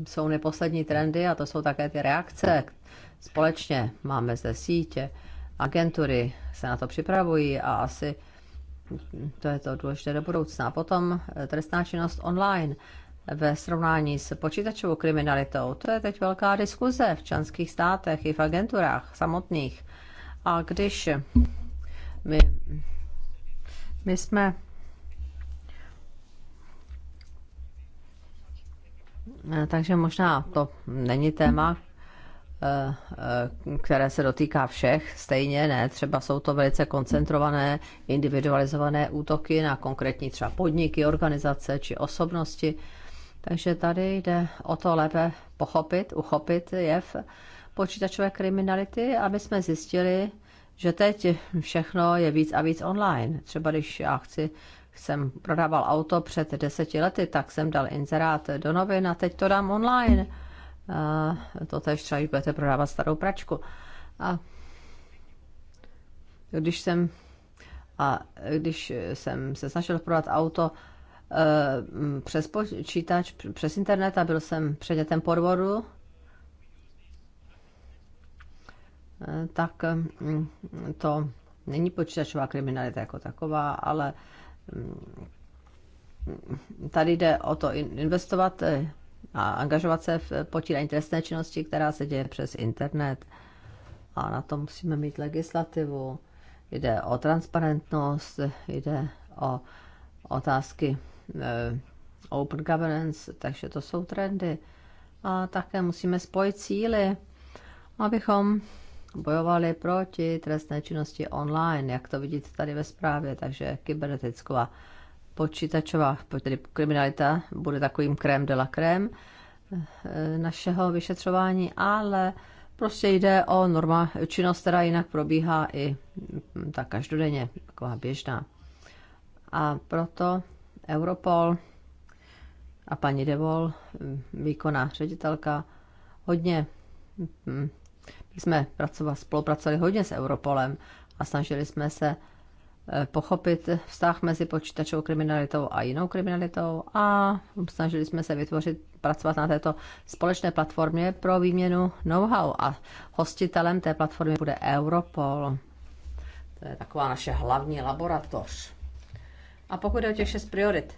jsou neposlední trendy a to jsou také ty reakce. Společně máme zde sítě, agentury se na to připravují a asi to je to důležité do budoucna. Potom eh, trestná činnost online ve srovnání s počítačovou kriminalitou. To je teď velká diskuze v členských státech i v agenturách samotných. A když my, my jsme Eh, takže možná to není téma, eh, eh, které se dotýká všech stejně, ne, třeba jsou to velice koncentrované, individualizované útoky na konkrétní třeba podniky, organizace či osobnosti. Takže tady jde o to lépe pochopit, uchopit jev počítačové kriminality, aby jsme zjistili, že teď všechno je víc a víc online. Třeba když já chci jsem prodával auto před deseti lety, tak jsem dal inzerát do novin a teď to dám online. A to tež třeba, když budete prodávat starou pračku. A když jsem, a když jsem se snažil prodat auto e, přes počítač, přes internet a byl jsem předmětem podvodu, e, tak to není počítačová kriminalita jako taková, ale tady jde o to investovat eh, a angažovat se v potírání trestné činnosti, která se děje přes internet. A na to musíme mít legislativu. Jde o transparentnost, jde o otázky eh, open governance, takže to jsou trendy. A také musíme spojit cíly, abychom bojovali proti trestné činnosti online, jak to vidíte tady ve zprávě, takže kybernetická počítačová, tedy kriminalita, bude takovým krem de la krem eh, našeho vyšetřování, ale prostě jde o norma, činnost, která jinak probíhá i hm, ta každodenně, taková běžná. A proto Europol a paní Devol, hm, výkonná ředitelka, hodně hm, jsme pracovali, spolupracovali hodně s Europolem a snažili jsme se e, pochopit vztah mezi počítačovou kriminalitou a jinou kriminalitou a snažili jsme se vytvořit, pracovat na této společné platformě pro výměnu know-how a hostitelem té platformy bude Europol. To je taková naše hlavní laboratoř. A pokud je o těch šest priorit,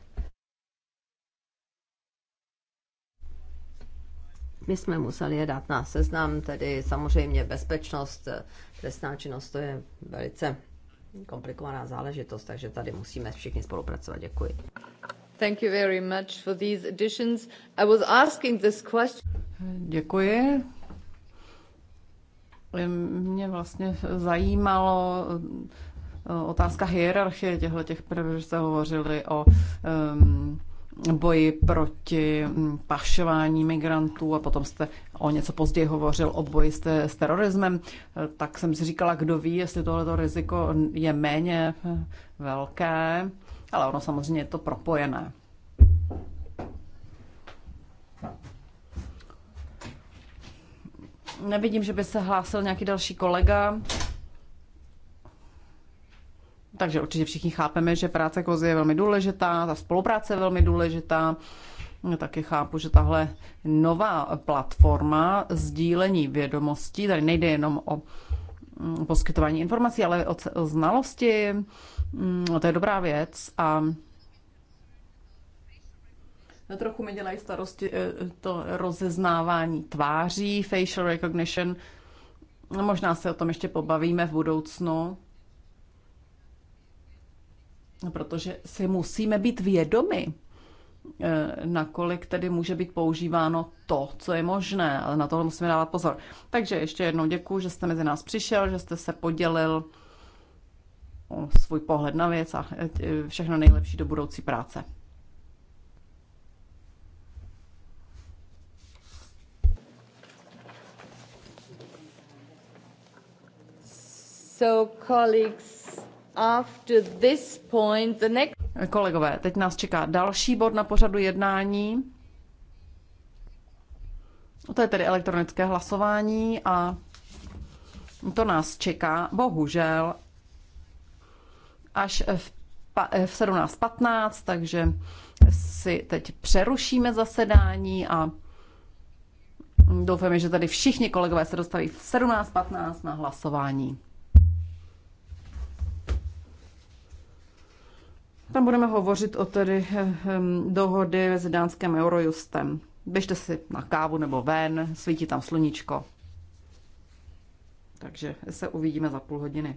my jsme museli je dát na seznam, tedy samozřejmě bezpečnost, trestná činnost, to je velice komplikovaná záležitost, takže tady musíme všichni spolupracovat. Děkuji. Thank you very much for these additions. I was asking this question. Děkuji. Mě vlastně zajímalo eh, otázka hierarchie těchto těch, protože jste hovořili o um, boji proti mm, pašování migrantů a potom jste o něco později hovořil o boji s, s terorismem, e, tak jsem si říkala, kdo ví, jestli tohleto riziko je méně e, velké, ale ono samozřejmě je to propojené. Nevidím, že by se hlásil nějaký další kolega. Takže určitě všichni chápeme, že práce kozy je velmi důležitá, ta spolupráce je velmi důležitá. Taky chápu, že tahle nová platforma sdílení vědomostí, tady nejde jenom o mm, poskytování informací, ale o znalosti, mm, to je dobrá věc a Trochu mi dělají starosti e, to rozeznávání tváří, facial recognition. Možná se o tom ještě pobavíme v budoucnu protože si musíme být vědomi, eh, nakolik tedy může být používáno to, co je možné, ale na tohle musíme dávat pozor. Takže ještě jednou děkuji, že jste mezi nás přišel, že jste se podělil o svůj pohled na věc a eh, eh, všechno nejlepší do budoucí práce. So colleagues, After this point, the next... Kolegové, teď nás čeká další bod na pořadu jednání. To je tedy elektronické hlasování a to nás čeká, bohužel, až v, v 17.15, takže si teď přerušíme zasedání a doufáme, že tady všichni kolegové se dostaví v 17.15 na hlasování. Tam budeme hovořit o tedy eh, eh, dohody s dánským Eurojustem. Běžte si na kávu nebo ven, svítí tam sluníčko. Takže se uvidíme za půl hodiny.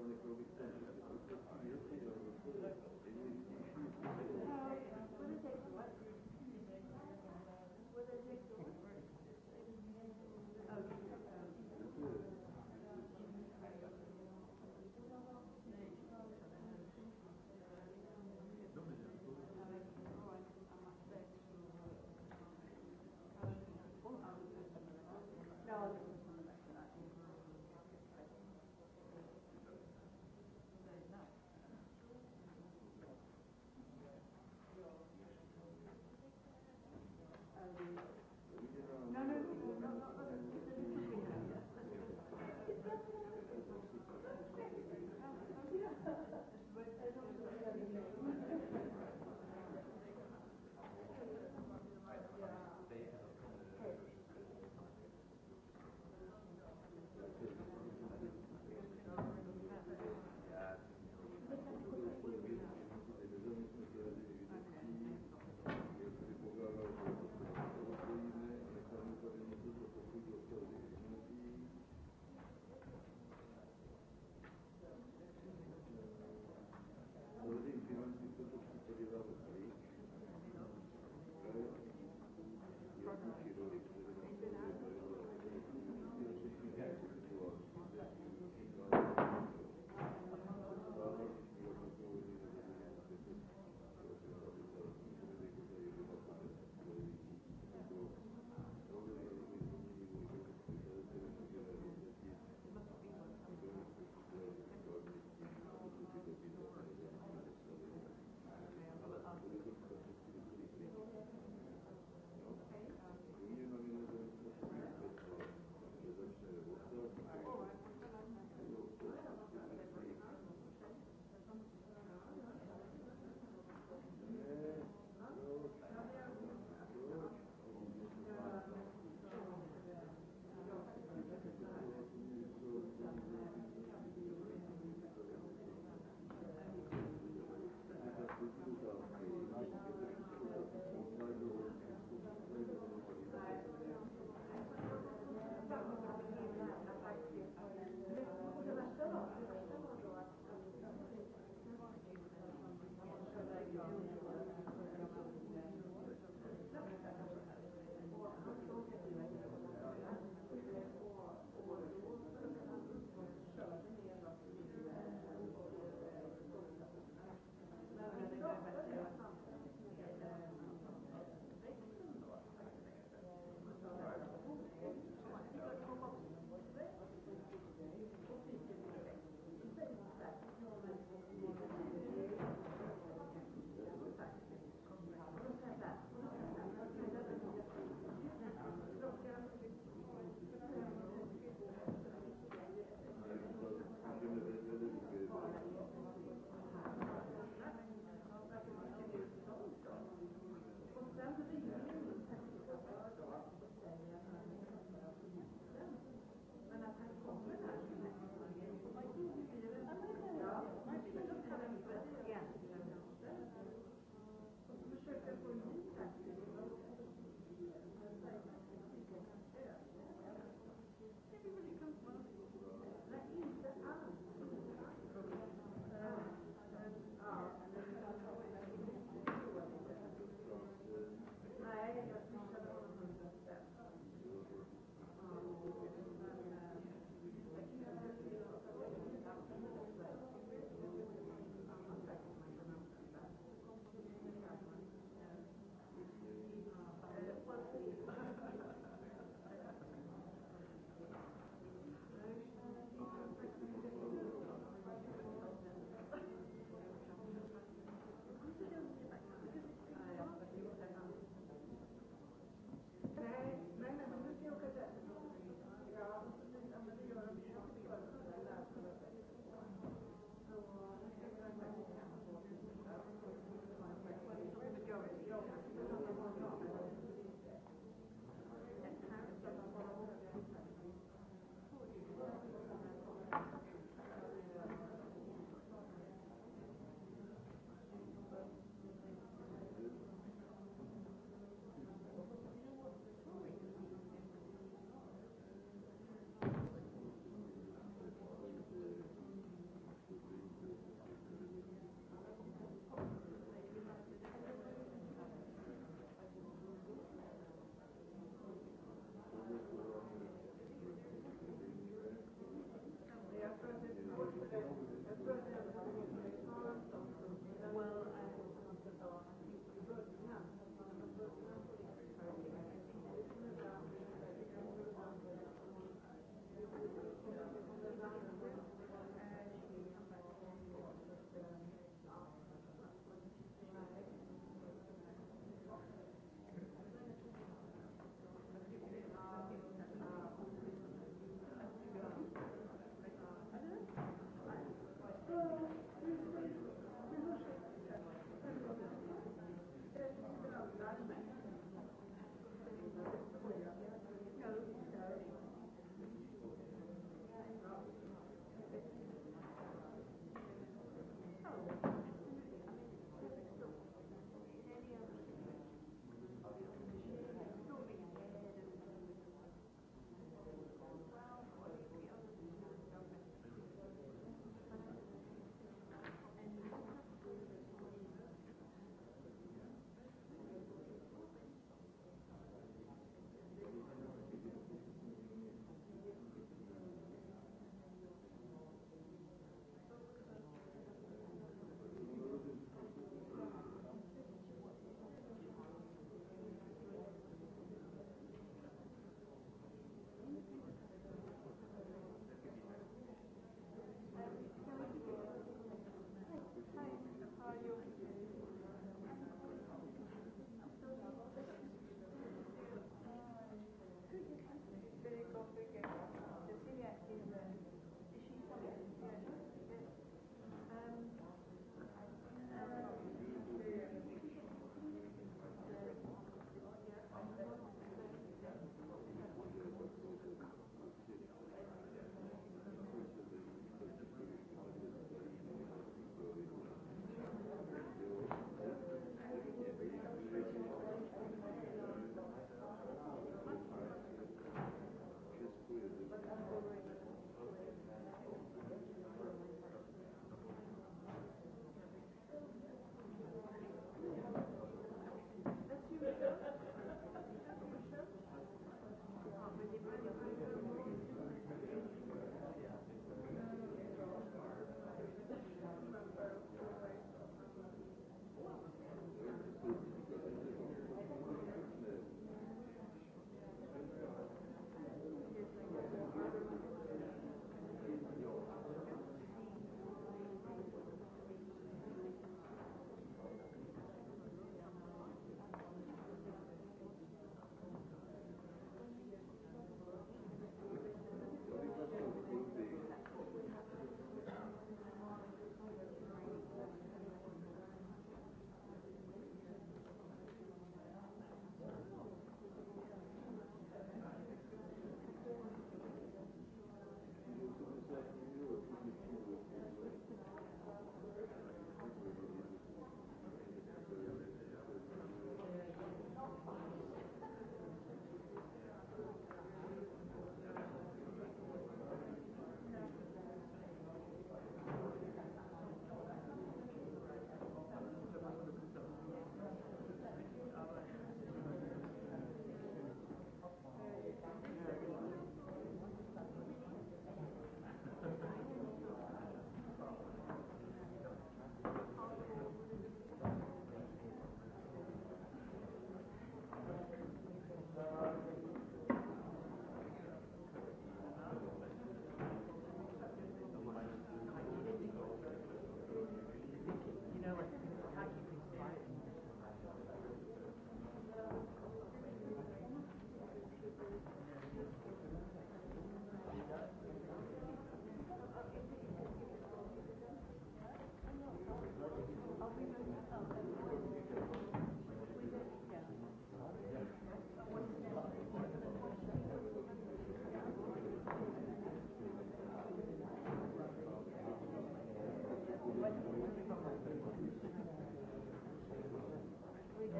Thank you.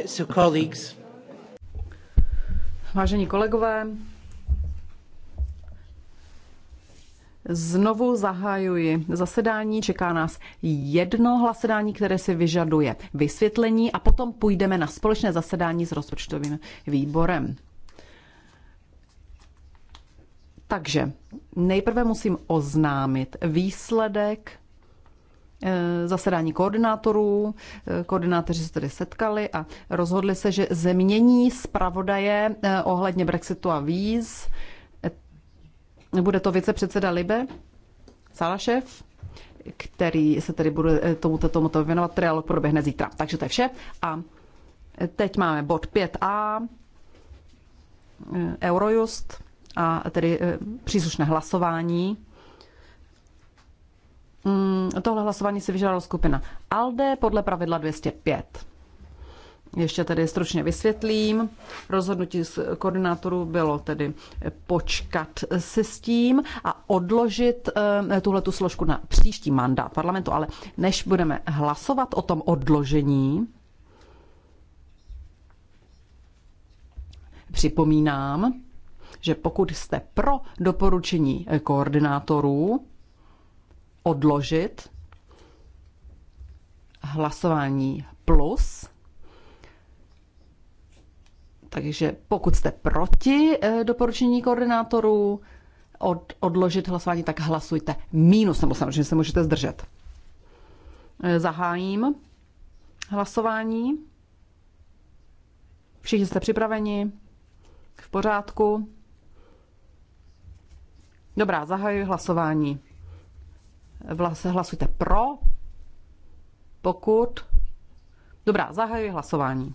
Uh, so colleagues. Vážení kolegové, Znovu zahajuji zasedání, čeká nás jedno hlasování, které si vyžaduje vysvětlení a potom půjdeme na společné zasedání s rozpočtovým výborem. Takže nejprve musím oznámit výsledek Eh, zasedání koordinátorů. Eh, koordinátoři se tedy setkali a rozhodli se, že zemění zpravodaje eh, ohledně Brexitu a víz. Bude to vicepředseda Libe, Salašev, který se tedy bude tomuto, tomuto věnovat. Trialog proběhne zítra. Takže to je vše. A teď máme bod 5a, Eurojust a tedy příslušné hlasování. Mm, tohle hlasování si vyžádala skupina ALDE podle pravidla 205. Ještě tedy stručně vysvětlím. Rozhodnutí z koordinátorů bylo tedy počkat se s tím a odložit ehm, tuhle tu složku na příští mandát parlamentu, ale než budeme hlasovat o tom odložení, připomínám, že pokud jste pro doporučení koordinátorů, odložit hlasování plus. Takže pokud jste proti eh, doporučení koordinátorů od, odložit hlasování, tak hlasujte minus, nebo samozřejmě se můžete zdržet. Eh, zahájím hlasování. Všichni jste připraveni? V pořádku? Dobrá, zahajuji hlasování hlasujte pro, pokud... Dobrá, zahajuji hlasování.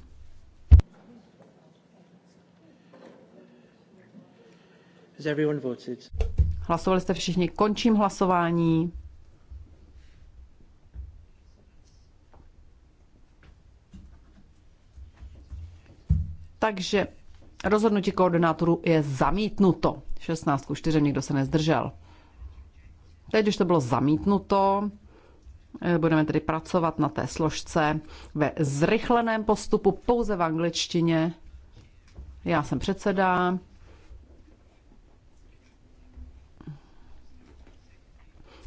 Hlasovali jste všichni, končím hlasování. Takže rozhodnutí koordinátorů je zamítnuto. 16 ku 4, nikdo se nezdržel. Teď, když to bylo zamítnuto, eh, budeme tedy pracovat na té složce ve zrychleném postupu pouze v angličtině. Já jsem předseda.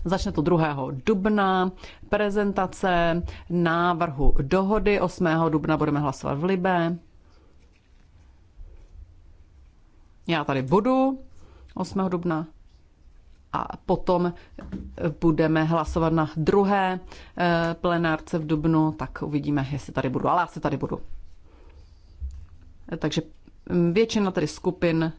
Začne to 2. dubna. Prezentace návrhu dohody 8. dubna budeme hlasovat v Libe. Já tady budu 8. dubna a potom eh, budeme hlasovat na druhé eh, plenárce v Dubnu, tak uvidíme, jestli tady budu, ale asi tady budu. Takže mm, většina tady skupin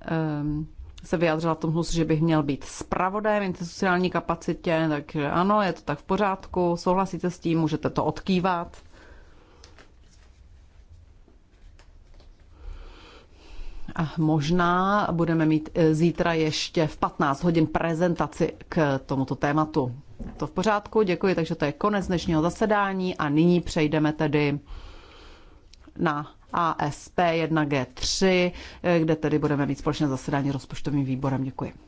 ehm, se vyjádřila v tom hlusu, že bych měl být spravodajem institucionální kapacitě, takže ano, je to tak v pořádku, souhlasíte s tím, můžete to odkývat. A možná budeme mít e, zítra ještě v 15 hodin prezentaci k tomuto tématu. To v pořádku, děkuji, takže to je konec dnešního zasedání a nyní přejdeme tedy na ASP 1G3, e, kde tedy budeme mít společné zasedání rozpočtovým výborem. Děkuji.